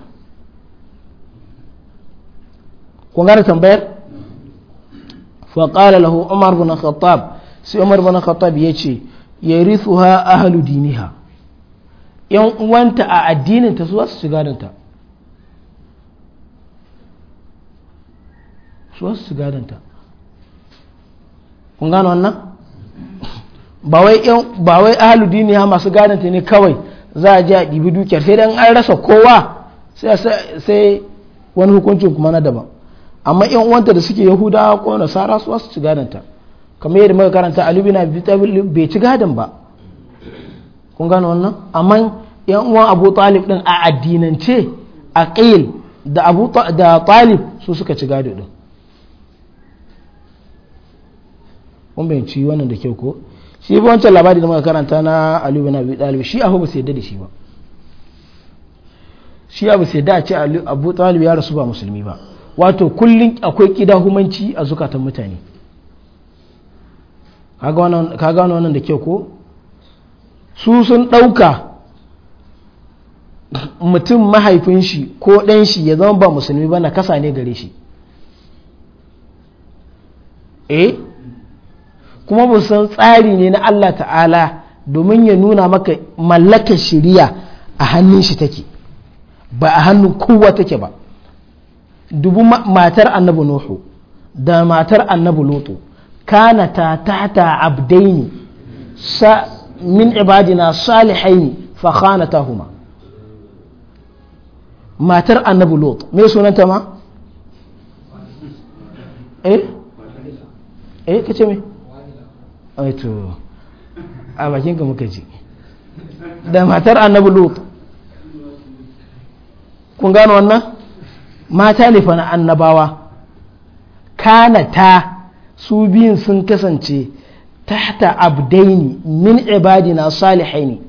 S1: kun gane tambayar fa ƙala lahu umar bin khattab sai umar bin khattab ya ce ya yarithuha ahlu diniha yan uwanta a addinin ta su za ci gadinta. su wasu su gadanta kun gano wannan ba wai ahalu duniya masu gadanta ne kawai za a je a ɗibi dukiyar sai dan an rasa kowa sai wani hukuncin kuma na daban amma yan uwanta da suke yahuda ko nasara su wasu ci gadanta kamar yadda muka karanta alibi na bai ci gadan ba kun gano wannan amma yan uwan abu talib din a addinance a da abu da talib su suka ci gado din kun bayanci wannan da kyau ko shi ba wancan labari da muka karanta na Ali bin Abi Talib shi abu ba sai yadda da shi ba shi abu sai da ce Abu Talib ya rasu ba musulmi ba wato kullun akwai kidahumanci a zukatan mutane kaga wannan kaga wannan da kyau ko su sun dauka mutum mahaifin shi ko ɗan shi ya zama ba musulmi ba na kasa ne gare shi eh kuma ba san tsari ne na Allah ta'ala domin ya nuna maka mallaka shari'a a hannun shi take ba a hannun kowa take ba dubu matar annabi nuhu da matar annabi lutu kana ta tata abdaini sa min ibadina salihaini fa khanatahuma matar annabi lutu me sunanta ma eh eh kace me aito a bakin ka muka ji da matar annabi lut kun gano wannan mata ne fa na annabawa kana ta su biyun sun kasance tahta abdaini min ibadina salihaini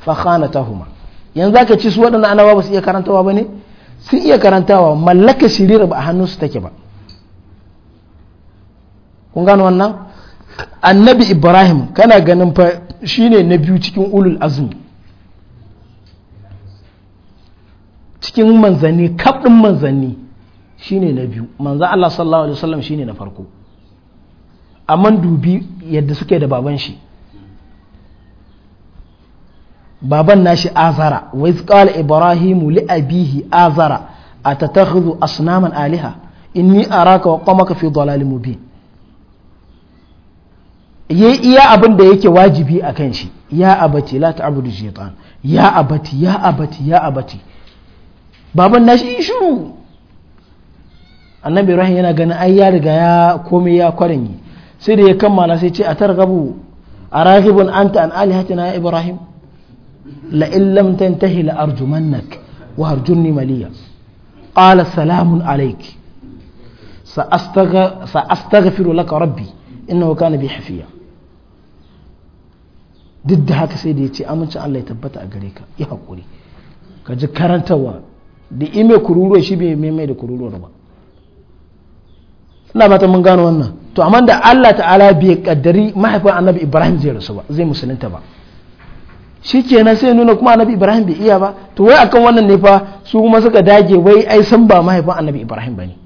S1: fa khanatahuma yanzu aka ci su waɗannan annabawa ba su iya karantawa ba ne sun iya karantawa mallaka shirira ba a hannunsu take ba kun gano wannan annabi ibrahim kana ganin fa shine na biyu cikin ulul azumi cikin manzanni kaɗin manzanni shine na biyu manzan Allah sallallahu alaihi wasallam shine na farko amma dubi yadda suke da baban shi baban nashi azara wa iz qala ibrahimu li abihi azara atatakhudhu asnaman aliha inni araka wa qamaka fi dhalalin mubin ya iya abin da yake wajibi a kan shi ya abati la ta'budu shaitan ya abati ya abati ya abati baban shi shiru annabi ibrahim yana ganin ai ya riga ya komai ya yi sai da ya kammala sai ce a targabu a rahibun anta an alihatina ya ibrahim la illam hila la arjumannak wa harjunni maliya qala salamun alayk sa astaghfiru laka rabbi innahu kana bi hafiya duk da haka sai da ya ce amincin Allah ya tabbata a gare ka yi haƙuri ka ji karantarwa da ime kururuwa shi bai mai da kururuwar ba ina mata mun gano wannan to amma da Allah ta'ala bai kaddari mahaifin annabi Ibrahim zai rasu ba zai musulunta ba shi ke kenan sai nuna kuma annabi Ibrahim bai iya ba to wai akan wannan ne fa su kuma suka dage wai ai san ba mahaifin annabi Ibrahim ne.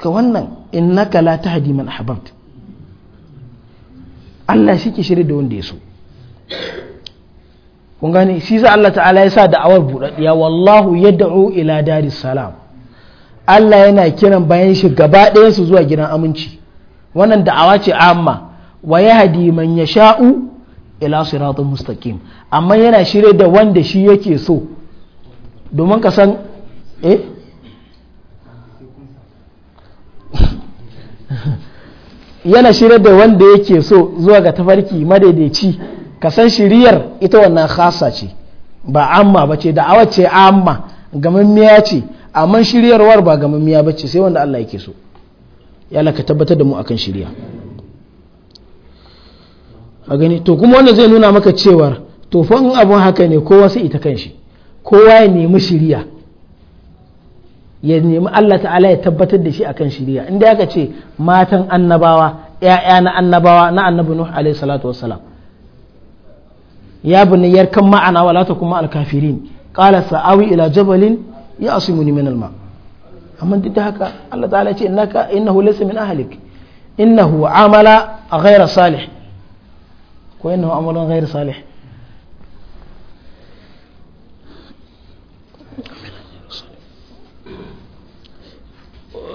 S1: ka wannan innaka la tahdi man ahbabt Allah shi ke shirya da wanda ya so kun gani shi sa Allah ta'ala ya sa da'awar buɗaɗɗiya wallahu ya dau ila daris salam Allah yana kiran bayan shi gaba ɗayan su zuwa gidan aminci wannan da'awa ce amma wa yahdi man sha'u ila siratul mustaqim amma yana shirya da wanda shi yake so domin ka san eh yana shirya da wanda yake so zuwa ga tafarki madaidaici kasan san shiriyar ita wannan khasa ce ba amma ba ce da'awa ce amma gamammiya ce amma shiryarwar ba gamammiya ba ce sai wanda Allah yake so ya ka tabbatar da mu akan shirya a gani to kuma wanda zai nuna maka cewar to fa in abun haka ne kowa sai ita kanshi kowa ya nemi shirya ya nemi Allah ta'ala ya tabbatar da shi akan shari'a inda aka ce matan annabawa ‘ya'ya na annabawa na annabi Nuh alaihi salatu wassalam ya bunni yarkan ma'ana wala ta kuma alkafirin qala sa'awi ila jabalin ya asimuni min alma amma duk da haka Allah ta'ala ce innaka innahu laysa min ahlik innahu amala ghayra salih ko innahu amalan ghayra salih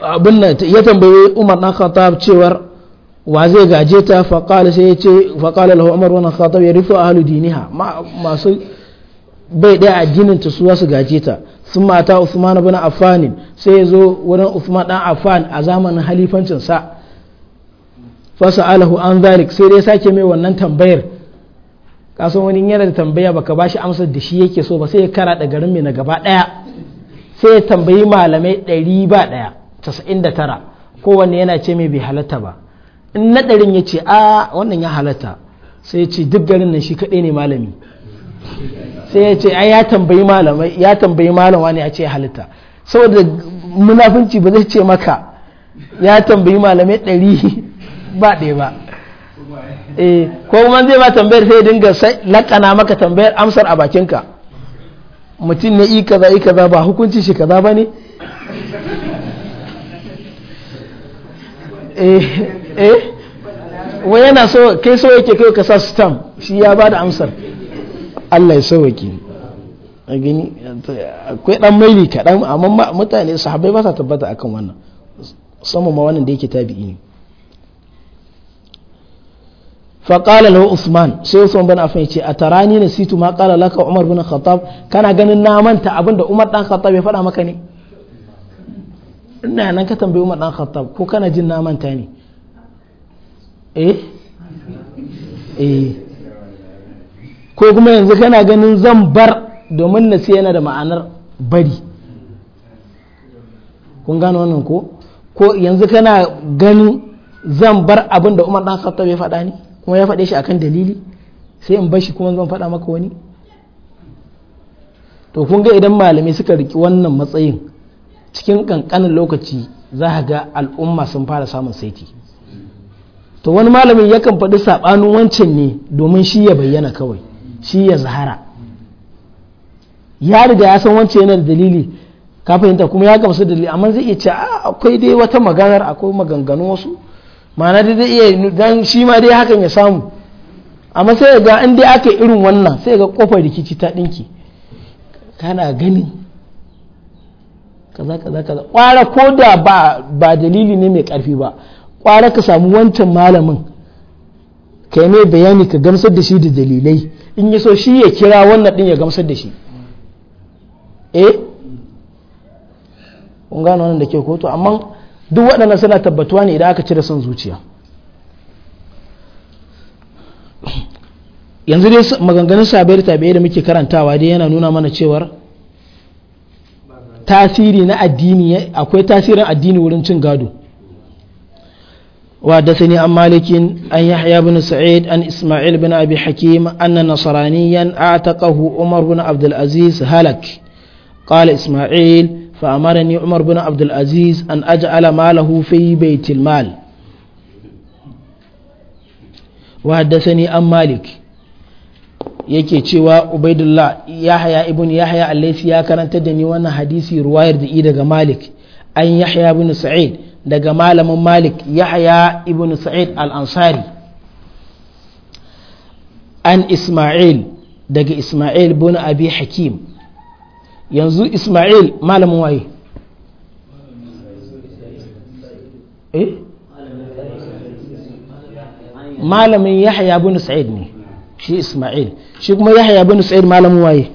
S1: abin nan ya tambaye Umar dan Khattab cewar wa zai gaje ta faqala sai ya ce faqala lahu Umar rufe Khattab yarithu ahlu diniha masu bai ɗaya addinin ta su su gaje ta sun mata Usman ibn Affan sai ya zo wurin Usman dan Affan a zamanin halifancin sa fasa'alahu an zalik sai dai sake mai wannan tambayar kasan wani yana da tambaya baka bashi amsar da shi yake so ba sai ya kara da garin mai na gaba ɗaya sai ya tambayi malamai ɗari ba ɗaya 99 kowanne yana ce mai bai halatta ba in na ɗarin ya ce a wannan ya halatta sai ya ce duk garin nan shi kaɗai ne malami sai ya ce ai ya tambayi malamai ya tambayi malama ne ya ce halitta saboda munafunci ba zai ce maka ya tambayi malamai ɗari ba ɗaya ba eh ko kuma zai ba tambayar sai dinga lakana maka tambayar amsar a bakinka mutum ne ikaza kaza kaza ba hukuncin shi kaza ba ne eh eh wai yana so kai so yake kai ka sa stamp shi ya bada amsar Allah ya sauke a gani akwai dan maili kaɗan amma mutane sahabbai ba sa tabbata akan wannan saman ma wannan da yake tabi'i ne فقال له عثمان سي عثمان بن عفان يتي اتراني نسيت ما قال لك عمر بن الخطاب كان ganin na manta abinda Umar dan Khattab ya faɗa maka ne ina nan ka tambayi umar dan khattab ko kana jin na manta ne eh eh ko kuma yanzu kana ganin zan bar domin na yana da ma'anar bari kun gano wannan ko ko yanzu kana ganin zan bar abin da umar dan khattab ya faɗa ni kuma ya faɗe shi akan dalili sai in bar shi kuma zan faɗa maka wani to kun ga idan malamai suka riki wannan matsayin cikin kankanin lokaci za ka ga al'umma sun fara samun saiti to wani malamin yakan faɗi saɓanin wancan ne domin shi ya bayyana kawai shi ya zahara ya riga ya san wancan yana da dalili ka fahimta kuma ya gamsu dalili amma zai iya ce akwai dai wata maganar akwai maganganu wasu ma'ana dai zai iya dan shi ma dai hakan ya samu amma sai ga in dai aka irin wannan sai ga kofar rikici ta ɗinki kana ganin kaza kaza kaza kwara ko da ba ba dalili ne mai karfi ba kwara ka samu wancan malamin kai mai bayani ka gamsar da shi da dalilai in ya so shi ya kira wannan din ya gamsar da shi eh kun gano wannan da ke koto amma duk waɗannan suna tabbatuwa ne idan aka cire son zuciya yanzu dai maganganun sabai da tabi'ai da muke karantawa dai yana nuna mana cewar tasiri na addini akwai tasirin addini wurin cin gado wadda sani an malikin an yi bin sa'id an ismail bin abi hakim an na nasaraniyan a ta umar bin abdulaziz halak قال إسماعيل فأمرني عمر بن عبد العزيز أن أجعل ماله في بيت المال وحدثني أم مالك yake cewa ubaidullah yahya ibn yahya allaisi ya karanta da ni wannan hadisi ruwayar da i daga malik an yahya ibn sa'id daga malamin malik yahya ibn sa'id al-ansari an isma'il daga isma'il bin abi hakim yanzu isma'il malamin waye eh? malamin yahya ibn sa'id ne shi isma'il shi kuma yahya bin sa'id malamin waye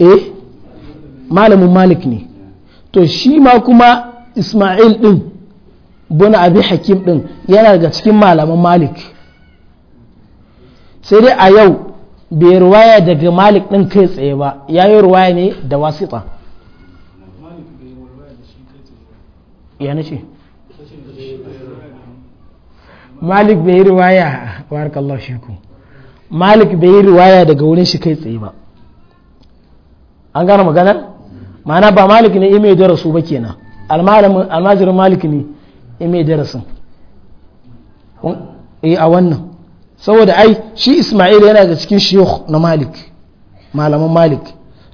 S1: eh malamin malik ne to shi ma kuma isma'il din bin abi hakim din yana daga cikin malaman malik sai dai a yau bai ruwaya daga malik din kai tsaye ba ya yi ruwaya ne da wasita ya ce malik bai ruwaya wa harkar shi ku malik bai yi riwaya daga wurin shi kai tsaye ba an gane maganar ma'ana ba malik ne ime darasu ba kenan almajirin malik ne ime darasin eh, a wannan saboda ai shi ismail yana da cikin shiyuk na malik malamin malik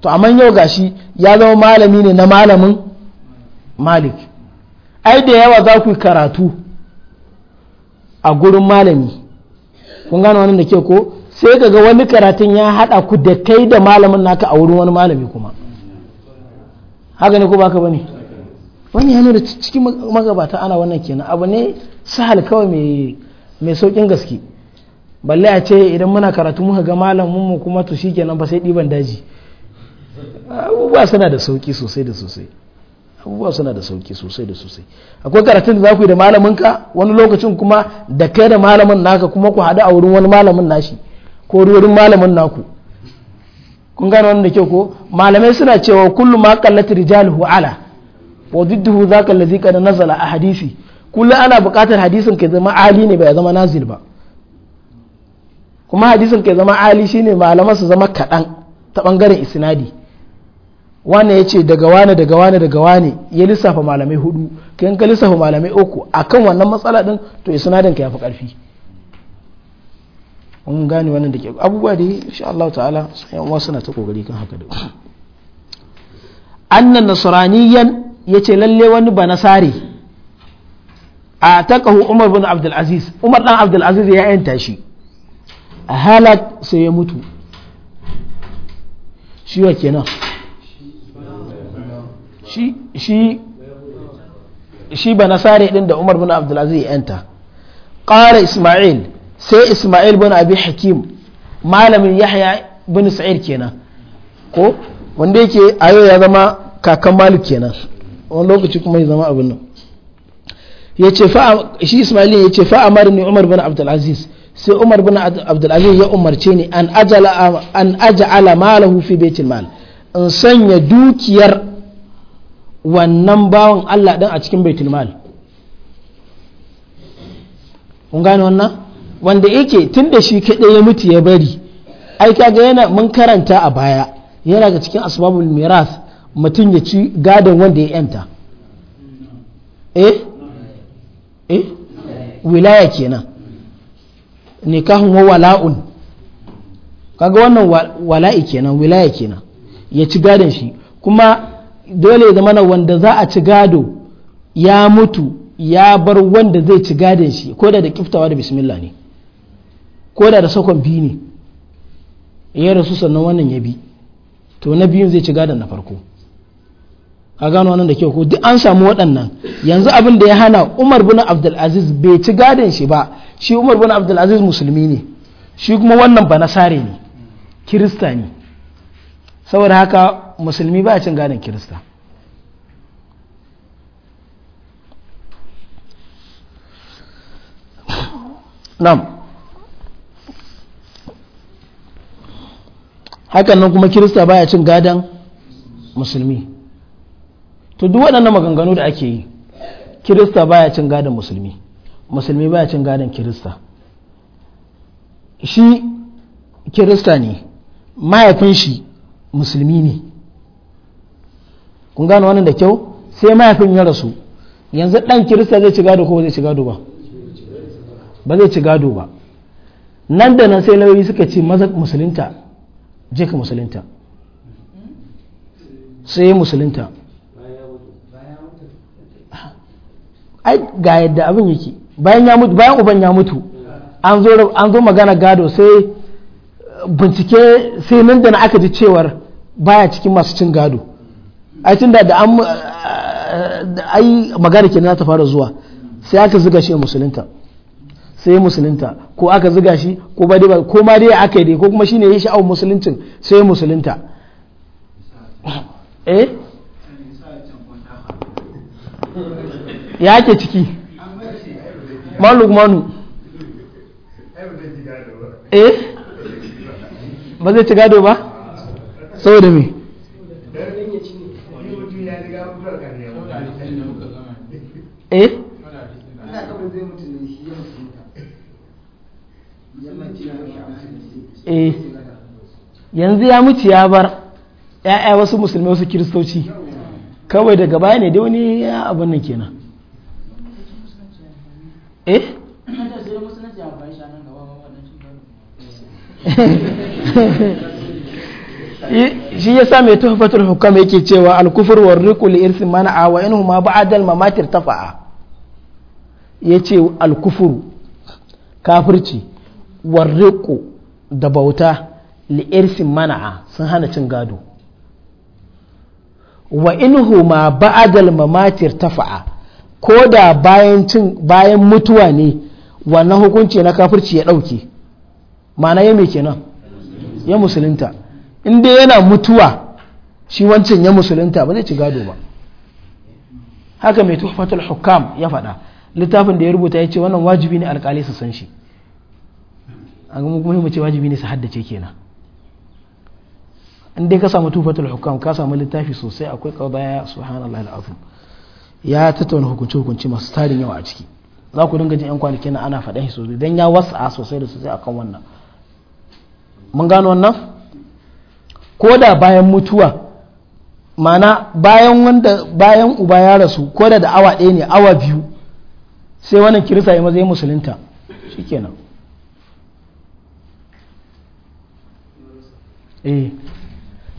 S1: to amma yau gashi ya zama malami ne na malamin malik ai da yawa za ku yi karatu a gurin malami kun gane wannan da ke ko sai ka ga wani karatun ya haɗa ku da kai da malamin naka a wurin wani malami kuma haka ne ko baka bane wani ya nuna cikin magabata ana wannan kenan abu ne sahal kawai mai mai saukin gaske balle a ce idan muna karatu muka ga malamin mu kuma to shikenan ba sai diban daji abubuwa suna da sauki sosai da sosai abubuwa suna da sauki sosai da sosai akwai karatun da za ku yi da malamin ka wani lokacin kuma da kai da malamin naka kuma ku haɗu a wurin wani malamin nashi ko wurin malamin naku kun gane wannan da ke ko malamai suna cewa kullum ma kallatar jalihu ala wa za zaka allazi kana nazala a hadisi kullum ana buƙatar hadisin ka zama ali ne ba ya zama nazil ba kuma hadisin ka zama ali shine malaman su zama kaɗan ta ɓangaren isnadi wane yace ce daga wane daga wane daga wane ya lissafa malamai hudu ka lissafa malamai uku akan wannan matsala din to isnadin ka ya fi ƙarfi mun gane wannan da ke abubuwa da insha Allah ta'ala yan uwa suna ta kokari kan haka da annan nasraniyan yace lalle wani banasare a takahu Umar bin Abdul Aziz Umar dan Abdul Aziz ya yanta shi halak sai ya mutu shi wa kenan shi shi shi banasare din da Umar bin Abdul Aziz ya yanta qara Isma'il sai ismail bin abi hakim malamin yahya bin sa'id kenan ko wanda yake ayo ya zama kakan malik kenan wani lokaci kuma ya zama abin nan ya ce shi ismail ya ce fa'amar ni umar bin abdul aziz sai umar bin abdul aziz ya umarce ni an ajala an aj'ala malahu fi baitil mal in sanya dukiyar wannan bawan Allah din a cikin baitul mal kun gane wannan wanda yake tun da shi kaɗai ya mutu ya bari ai kaga yana mun karanta a baya yana ga cikin asbabul miras mutum ya ci gadon wanda ya yanta eh eh wilaya kenan nikahun wa wala'un kaga wannan wala'i kenan wilaya kenan ya ci gadon shi kuma dole ya zamana wanda za a ci gado ya mutu ya bar wanda zai ci gadon shi ko da da kiftawa da bismillah ne ko da da sakon biyu ne ya rasu sannan wannan ya bi to na biyun zai ci gadon na farko a gano wannan da kyau ko duk an samu waɗannan yanzu abin da ya hana umar bin abdulaziz bai ci gadon shi ba shi umar bin abdulaziz musulmi ne shi kuma wannan ba nasare ne kirista ne saboda haka musulmi ba cin gadon kirista hakan nan kuma kirista baya cin gadan musulmi to duk waɗannan maganganu da ake yi kirista baya cin gadan musulmi musulmi baya cin gadan kirista shi kirista ne mahaifin shi musulmi ne kun gano wannan da kyau sai mahaifin ya rasu yanzu ɗan kirista zai ci gado ko zai ci gado ba ba zai ci gado ba nan da nan sai lauyi suka ce maza musulunta je ka musulunta sai musulunta ai ga yadda abin yake bayan ya mutu bayan uban ya mutu an zo magana gado sai uh, bincike sai nan da na aka ji cewar baya cikin masu cin gado ai tun da an uh, ai magana na ta fara zuwa sai aka zuga shi musulunta sai musulunta ko aka ziga shi ko ba dai ko ma dai aka yi dai ko kuma shine ya sha'awar musuluncin sai musulunta eh ya ke ciki malu manu eh ba zai ci gado ba saboda me eh eh yanzu ya mutu ya bar ya'ya wasu musulmi wasu kiristoci kawai daga baya ne dai wani ya abin kenan eh shi ya sa mai tuhfatul hukam yake cewa alkufur wa rikul irsin mana a wa inu ma ba'adal ma mamatir tafa'a yace ce alkufur kafirci warriku da bauta li'irsin mana'a sun hana cin gado wa inhu ma ba'adal mamatir tafa'a ko da bayan mutuwa ne wannan hukunci na kafirci ya ɗauke mana ya me kenan ya musulunta in dai yana mutuwa shi wancan ya musulunta ba zai ci gado ba haka mai tuhfatul hukam ya faɗa littafin da ya rubuta ya ce wannan wajibi ne alkali su san shi an kuma kuma mu ce wajibi ne su haddace kenan in dai ka samu tufatul hukam ka samu littafi sosai akwai qadaya subhanallahi alazim ya tattauna hukunci hukunci masu tarin yawa a ciki za ku dinga jin yan kwanaki na ana faɗa shi sosai dan ya wasa sosai da sosai akan wannan mun gano wannan ko da bayan mutuwa mana bayan wanda bayan uba ya rasu ko da awa ɗaya ne awa biyu sai wannan kirista ya maza ya musulunta shikenan eh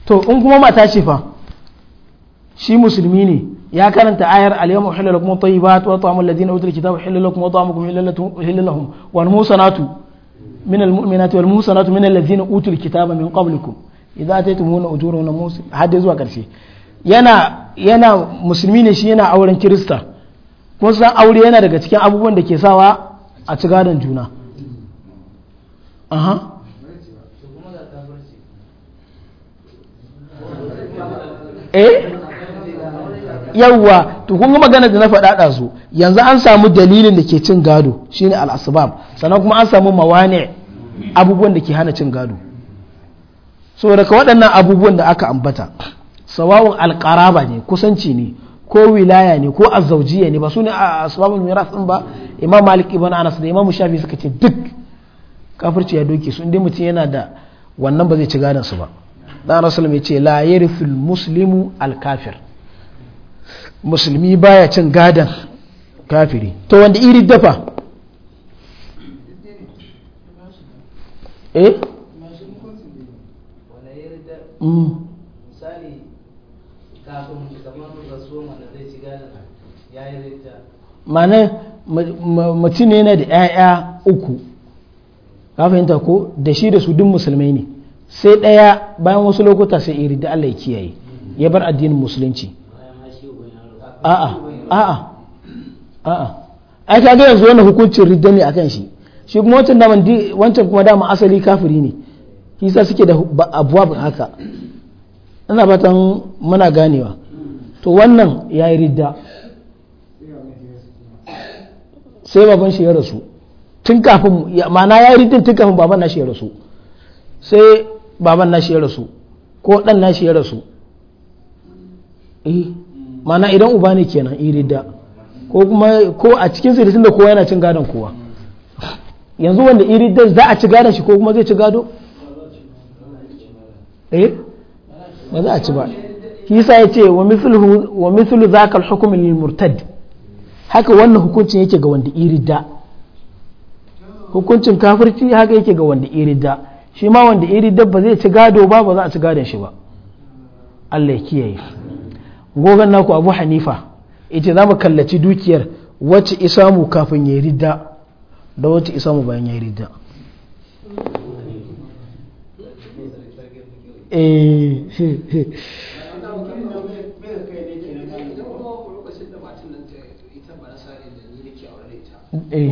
S1: to in kuma mata ce fa shi musulmi ne ya karanta ayar al-yawma uhilla lakum at-tayyibat wa ta'amul ladina utul kitaba uhilla lakum wa ta'amukum uhilla lahum wal musanatu min al-mu'minati wal musanatu min alladhina utul kitaba min qablikum idza ataytumuna ujurahunna musin hadda zuwa karshe yana yana musulmi ne shi yana auren kirista kuma san aure yana daga cikin abubuwan da ke sawa a ci gadon juna aha eh yawwa to kun ga magana da na faɗa da su yanzu an samu dalilin da ke cin gado shine ne asbab sannan kuma an samu mawane abubuwan da ke hana cin gado so daga waɗannan abubuwan da aka ambata sawawun alƙaraba ne kusanci ne ko wilaya ne ko azaujiya ne ba su ne a asbabul miras ɗin ba imam malik ibn anas da imam shafi suka ce duk kafirci ya doke su inda mutum yana da wannan ba zai ci gadon su ba da rasul mai ce la yarithul muslimu al kafir musulmi baya cin gadan kafiri to wanda iri dafa eh mm. misali ya yi mana mutum ne na da 'ya'ya uku ka fahimta ko da shi da su duk musulmai ne sai ɗaya bayan wasu lokuta sai iri da Allah ya kiyaye ya bar addinin musulunci a'a a'a a'a ai ga yanzu wannan hukuncin ridda ne akan shi shi kuma wancan da wancan kuma dama asali kafiri ne kisa suke da abuwa haka ina fatan muna ganewa to wannan ya yi ridda sai baban shi ya rasu tun kafin ma'ana ya yi riddin tun kafin baban na shi ya rasu sai baban nashi ya rasu ko dan nashi ya rasu eh mana idan uba ne kenan irida ko kuma ko a cikin sirri da kowa yana cin gadon kowa yanzu wanda irida za a ci gadon shi ko kuma zai ci gado eh ba za a ci ba kisa ya ce wa mithlu zaka al-hukm lil murtad haka wannan hukuncin yake ga wanda irida hukuncin kafirci haka yake ga wanda irida shi ma wanda iri dabba zai ci gado ba ba za a ci gadon shi ba Allah ya kiyaye gogon naku Abu Hanifa ita za mu kallaci dukiyar wacce isa mu kafin ya ridda da wacce mu bayan ya ridda Eh.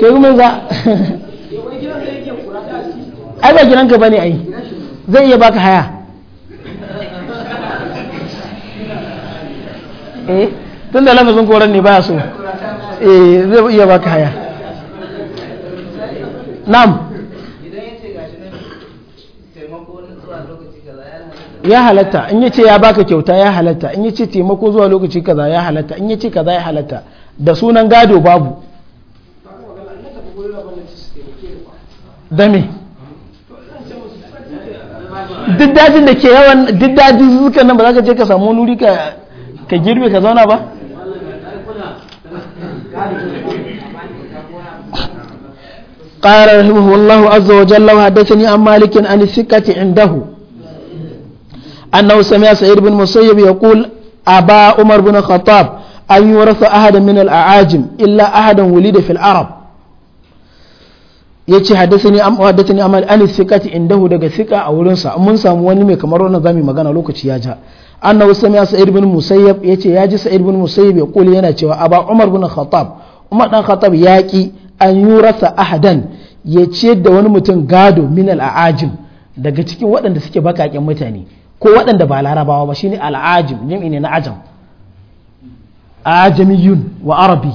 S1: kai kuma za ai ba gidanka ba ne ai zai iya baka haya eh tun da lamazin koren ne ba so eh zai iya baka haya nam ya halatta in ce ya baka kyauta ya halatta in ce taimako zuwa lokaci kaza ya halatta in ce kaza ya halatta da sunan gado babu dame duk dajin da ke yawan duk dajin zuzzukan nan ba za ka je ka samu wani ka girbe ka zauna ba ƙarar rahimahu wallahu azza wa jalla wa haddathani an malikin an thiqati indahu annahu sami'a sa'id bin musayyib yaqul aba umar bin khattab an yurasa ahadan min al-a'ajim illa ahadan wulida fil arab ya ce haddasani am haddasani amal an thiqati indahu daga sika a wurin sa mun samu wani mai kamar wannan zamu magana lokaci ya ja annahu sami'a sa'id bin musayyab ya ji sa'id bin musayyab ya kula yana cewa aba umar bin khattab umar dan khattab ki an yurasa ahadan ya ce da wani mutum gado min al'ajim daga cikin waɗanda suke bakaƙen mutane ko waɗanda ba larabawa ba shine al'ajim jam'i ne na ajam ajamiyun wa arabi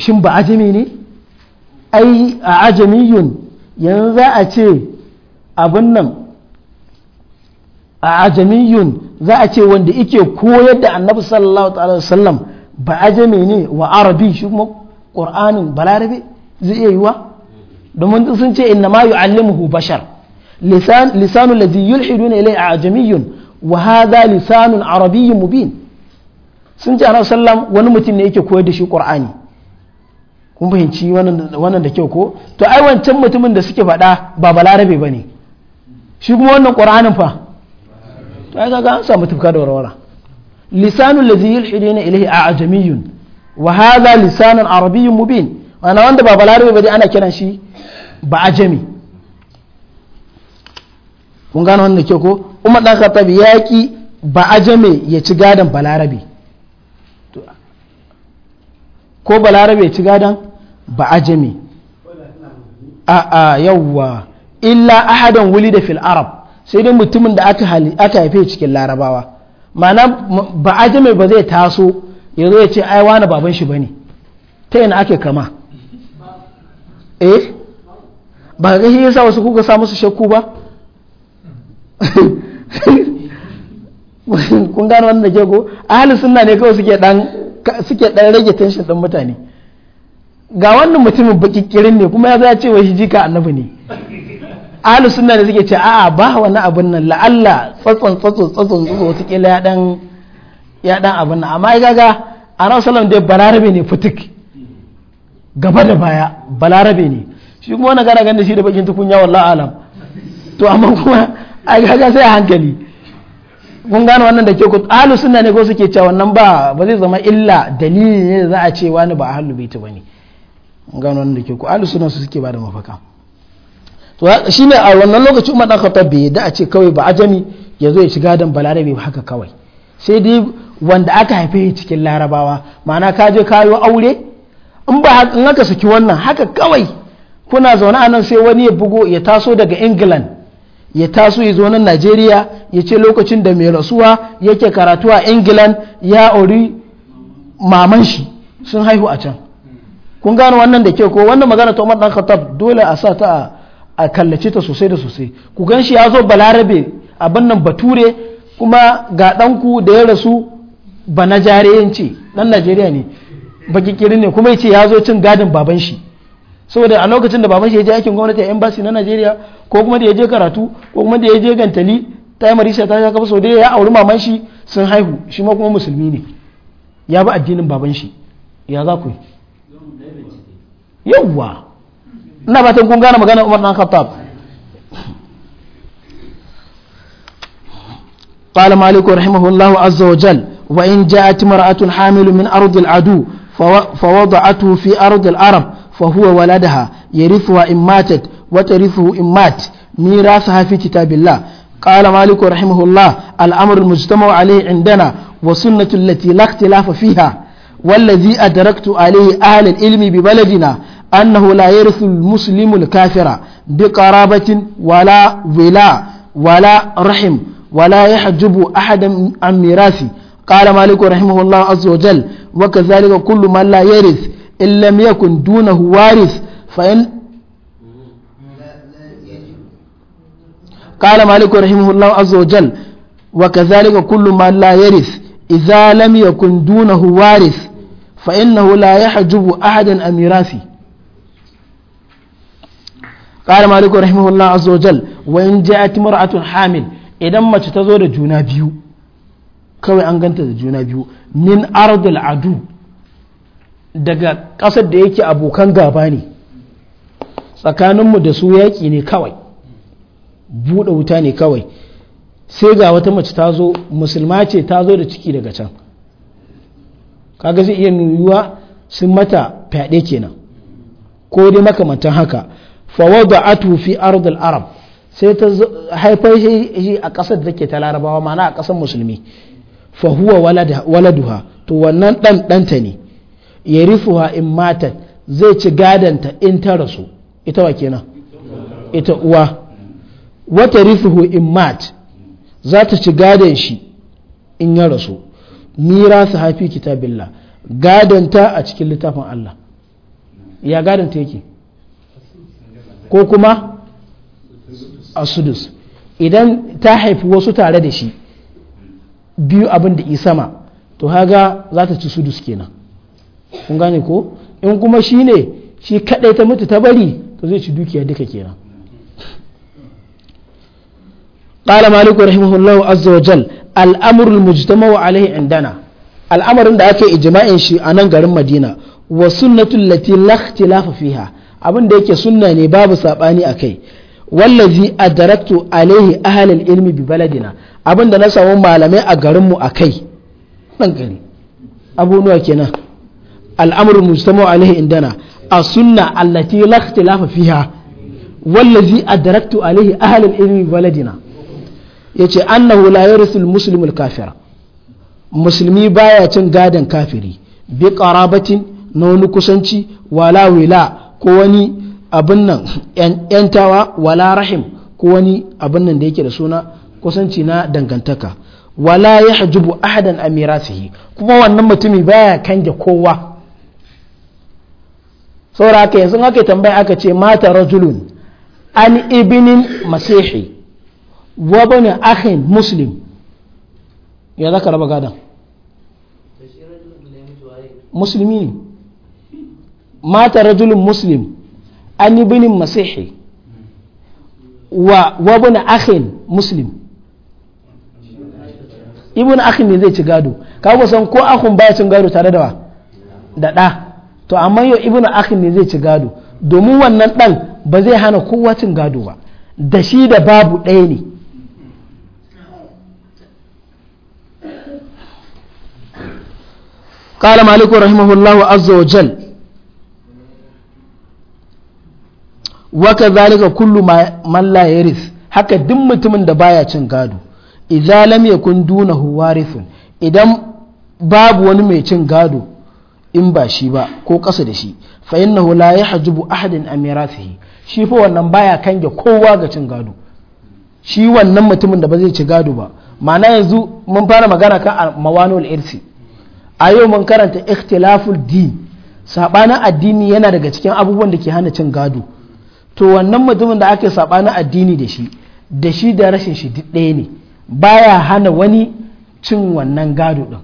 S1: shin ba ajami ne ai a ajamiyun yanzu za a ce abin nan a ajamiyun za a ce wanda ike koyar da annabi sallallahu alaihi wasallam ba ajami ne wa arabi shi kuma qur'anin balarabe zai iya yiwa domin sun ce inna ma yu'allimuhu bashar lisan lisanu ladhi yulhiduna ilayhi ajamiyun wa hadha lisanun arabiyyun mubin sun ce annabi sallallahu wani mutum ne yake koyar da shi qur'ani kun fahimci wannan da kyau ko to ai wancan mutumin da suke faɗa ba balarabe ba ne shi kuma wannan ƙur'anin fa to ai kaga an samu tufka da warwara lisanul ladhi yulhiduna ilayhi ajamiyun wa hadha lisanun arabiyyun mubin ana wanda ba balarabe ba dai ana kiran shi ba ajami kun gano wannan da kyau ko umar dan khattab yaki ba ajami ya ci gadon balarabe ko balarabe ya ci gadon ba ajami a a yawwa illa ahadan wuli da fil arab sai dai mutumin da aka haife cikin larabawa ma'ana ba ba zai taso ya zo ya ce ai wani baban shi bane ta yana ake kama eh ba ga shi yasa wasu kuka sa musu shakku ba kun gano wannan jego ahli sunna ne kawai suke dan suke dan rage tension din mutane ga wannan mutumin bakikirin ne kuma ya zai ce wai jika annabi ne ahalu sunna ne suke ce a'a ba wani abin nan la'alla tsatson tsatson tsatson tsatson wata kila ya dan ya dan abin nan amma gaga a ran salam dai balarabe ne fitik gaba da baya balarabe ne shi kuma wani gara ganin shi da bakin tukunya wallahi alam to amma kuma ai gaga sai a hankali kun gane wannan da ke ku ahalu sunna ne ko suke cewa wannan ba ba zai zama illa dalili ne da za a ce wani ba ahlu baiti bane gano wanda da ke ku ahlus sunna su suke bada mafaka to shi ne a wannan lokaci Umar dan Khattab bai da a ce kawai ba ajami ya zo ya shiga dan balarabe haka kawai sai dai wanda aka haife cikin larabawa ma'ana ka je kayo aure in ba in aka saki wannan haka kawai kuna zaune a nan sai wani ya bugo ya taso daga England ya taso ya zo nan Najeriya ya ce lokacin da mai rasuwa yake karatu a England ya ori maman shi sun haihu a can kun gano wannan da ke ko wannan magana ta Umar dan Khattab dole a sa ta a kallace ta sosai da sosai ku gan shi ya zo balarabe abin nan bature kuma ga ɗanku da ya rasu ba na jariyanci ɗan Najeriya ne ba kikirin ne kuma yace ya zo cin gadin baban shi saboda a lokacin da baban shi ya je aikin gwamnati a embassy na Najeriya ko kuma da ya je karatu ko kuma da ya je gantali ta yi marisa ta kafa sau ya auri maman shi sun haihu shi ma kuma musulmi ne ya bi addinin baban shi ya za ku yi ba magana Umar dan Khattab قال مالك رحمه الله عز وجل وإن جاءت امرأة حامل من أرض العدو فوضعته في أرض العرب فهو ولدها يرثها إن ماتت وترثه إن مات ميراثها في كتاب الله قال مالك رحمه الله الأمر المجتمع عليه عندنا وسنة التي لا اختلاف فيها والذي أدركت عليه أهل العلم ببلدنا أنه لا يرث المسلم الكافر بقرابة ولا ولا ولا رحم ولا يحجب أحد عن ميراثه قال مالك رحمه الله عز وجل وكذلك كل من لا يرث إن لم يكن دونه وارث فإن قال مالك رحمه الله عز وجل وكذلك كل من لا يرث إذا لم يكن دونه وارث فإنه لا يحجب أحدا عن قال مالك رحمه الله عز وجل وإن جاءت مرأة حامل إذا ما تتزور جونا كوي أنغنت جونا من أرض العدو daga ƙasar da yake abokan gaba ne tsakaninmu da su yaƙi ne kawai buɗe wuta ne kawai sai ga wata mace ta zo musulma ce ta zo da ciki daga can kaga zai iya nuyuwa sun mata fyaɗe kenan ko dai makamantan haka fawada'atu fi ardil arab sai ta haifar shi a kasar da ke ta larabawa ma'ana a ƙasar musulmi fa huwa waladuha to wannan ɗan ɗanta ne ya in matat zai ci gadanta in ta rasu ita wa kenan ita uwa wata rifuhu in mat za ta ci gadan shi in ya rasu mira su hafi kitabillah ta a cikin littafin Allah ya ta yake ko kuma a asudus idan ta haifi wasu tare da shi biyu abin da isama to haga za ta ci sudus kenan kun gane ko in kuma shi ne shi kadai ta mutu ta bari to zai ci dukiya duka kenan قال مالك رحمه الله عز وجل الأمر المجتمع عليه عندنا الأمر ده أكي إجماع شيء أنا غير مدينة والسنة التي لا اختلاف فيها abin da yake sunna ne babu sabani akai wallazi adaraktu alaihi ahlul ilmi bi baladina abin da na samu malamai a garinmu mu akai nan gari abubuwa kenan al'amru mustamu alaihi indana a sunna allati la lafa fiha wallazi adaraktu alaihi ahlul ilmi bi baladina yace annahu la yarisu al-muslimu kafira musulmi baya cin gadon kafiri bi karabatin na wani kusanci wala wila ko wani abin nan yantawa wala rahim ko wani abin nan da yake da suna kusanci na dangantaka wala ya hajjubu ahadan su yi kuma wannan mutumi baya kange kowa saura haka yanzu haka tambaya aka ce mata rajulun an ibinin masihi wa bani ahin muslim ya zaka raba gadan musulmi ne mata rajulun muslim an yi binin masihi wa wabin akhin muslim ibn akhin ne zai ci gado kawo san ko akhun baya cin gado tare da wa da ɗa to amma yau ibn akhin ne zai ci gado domin wannan ɗan ba zai hana kowa cin gado ba da shi da babu ɗaya ne قال مالك رحمه الله عز وجل waka zalika kullu man la yaris haka duk mutumin da baya cin gado idza lam yakun dunahu warithun idan babu wani mai cin gado in ba shi ba ko kasa da shi fa innahu la yahjubu ahadin an mirathihi shi fa wannan baya kange kowa ga cin gado shi wannan mutumin da ba zai ci gado ba ma'ana yanzu mun fara magana kan mawanul irsi a yau mun karanta ikhtilaful din sabanin addini yana daga cikin abubuwan da ke hana cin gado to wannan mutumin da aka yi na addini da shi da shi da rashin shi duk ɗaya ne baya hana wani cin wannan gado ɗin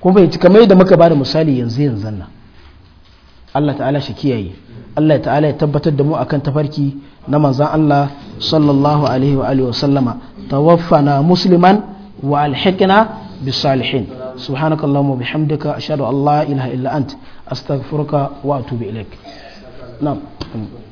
S1: kuma bai kamar yadda muka bada misali yanzu yanzu nan Allah ta'ala shi kiyaye Allah ta'ala ya tabbatar da mu akan tafarki na manzan Allah sallallahu alaihi wa alihi wa sallama tawaffana musliman wa alhikna bisalihin subhanakallahumma wa bihamdika ashhadu an la ilaha illa ant astaghfiruka wa atubu ilaik na'am Assalamu alaikum.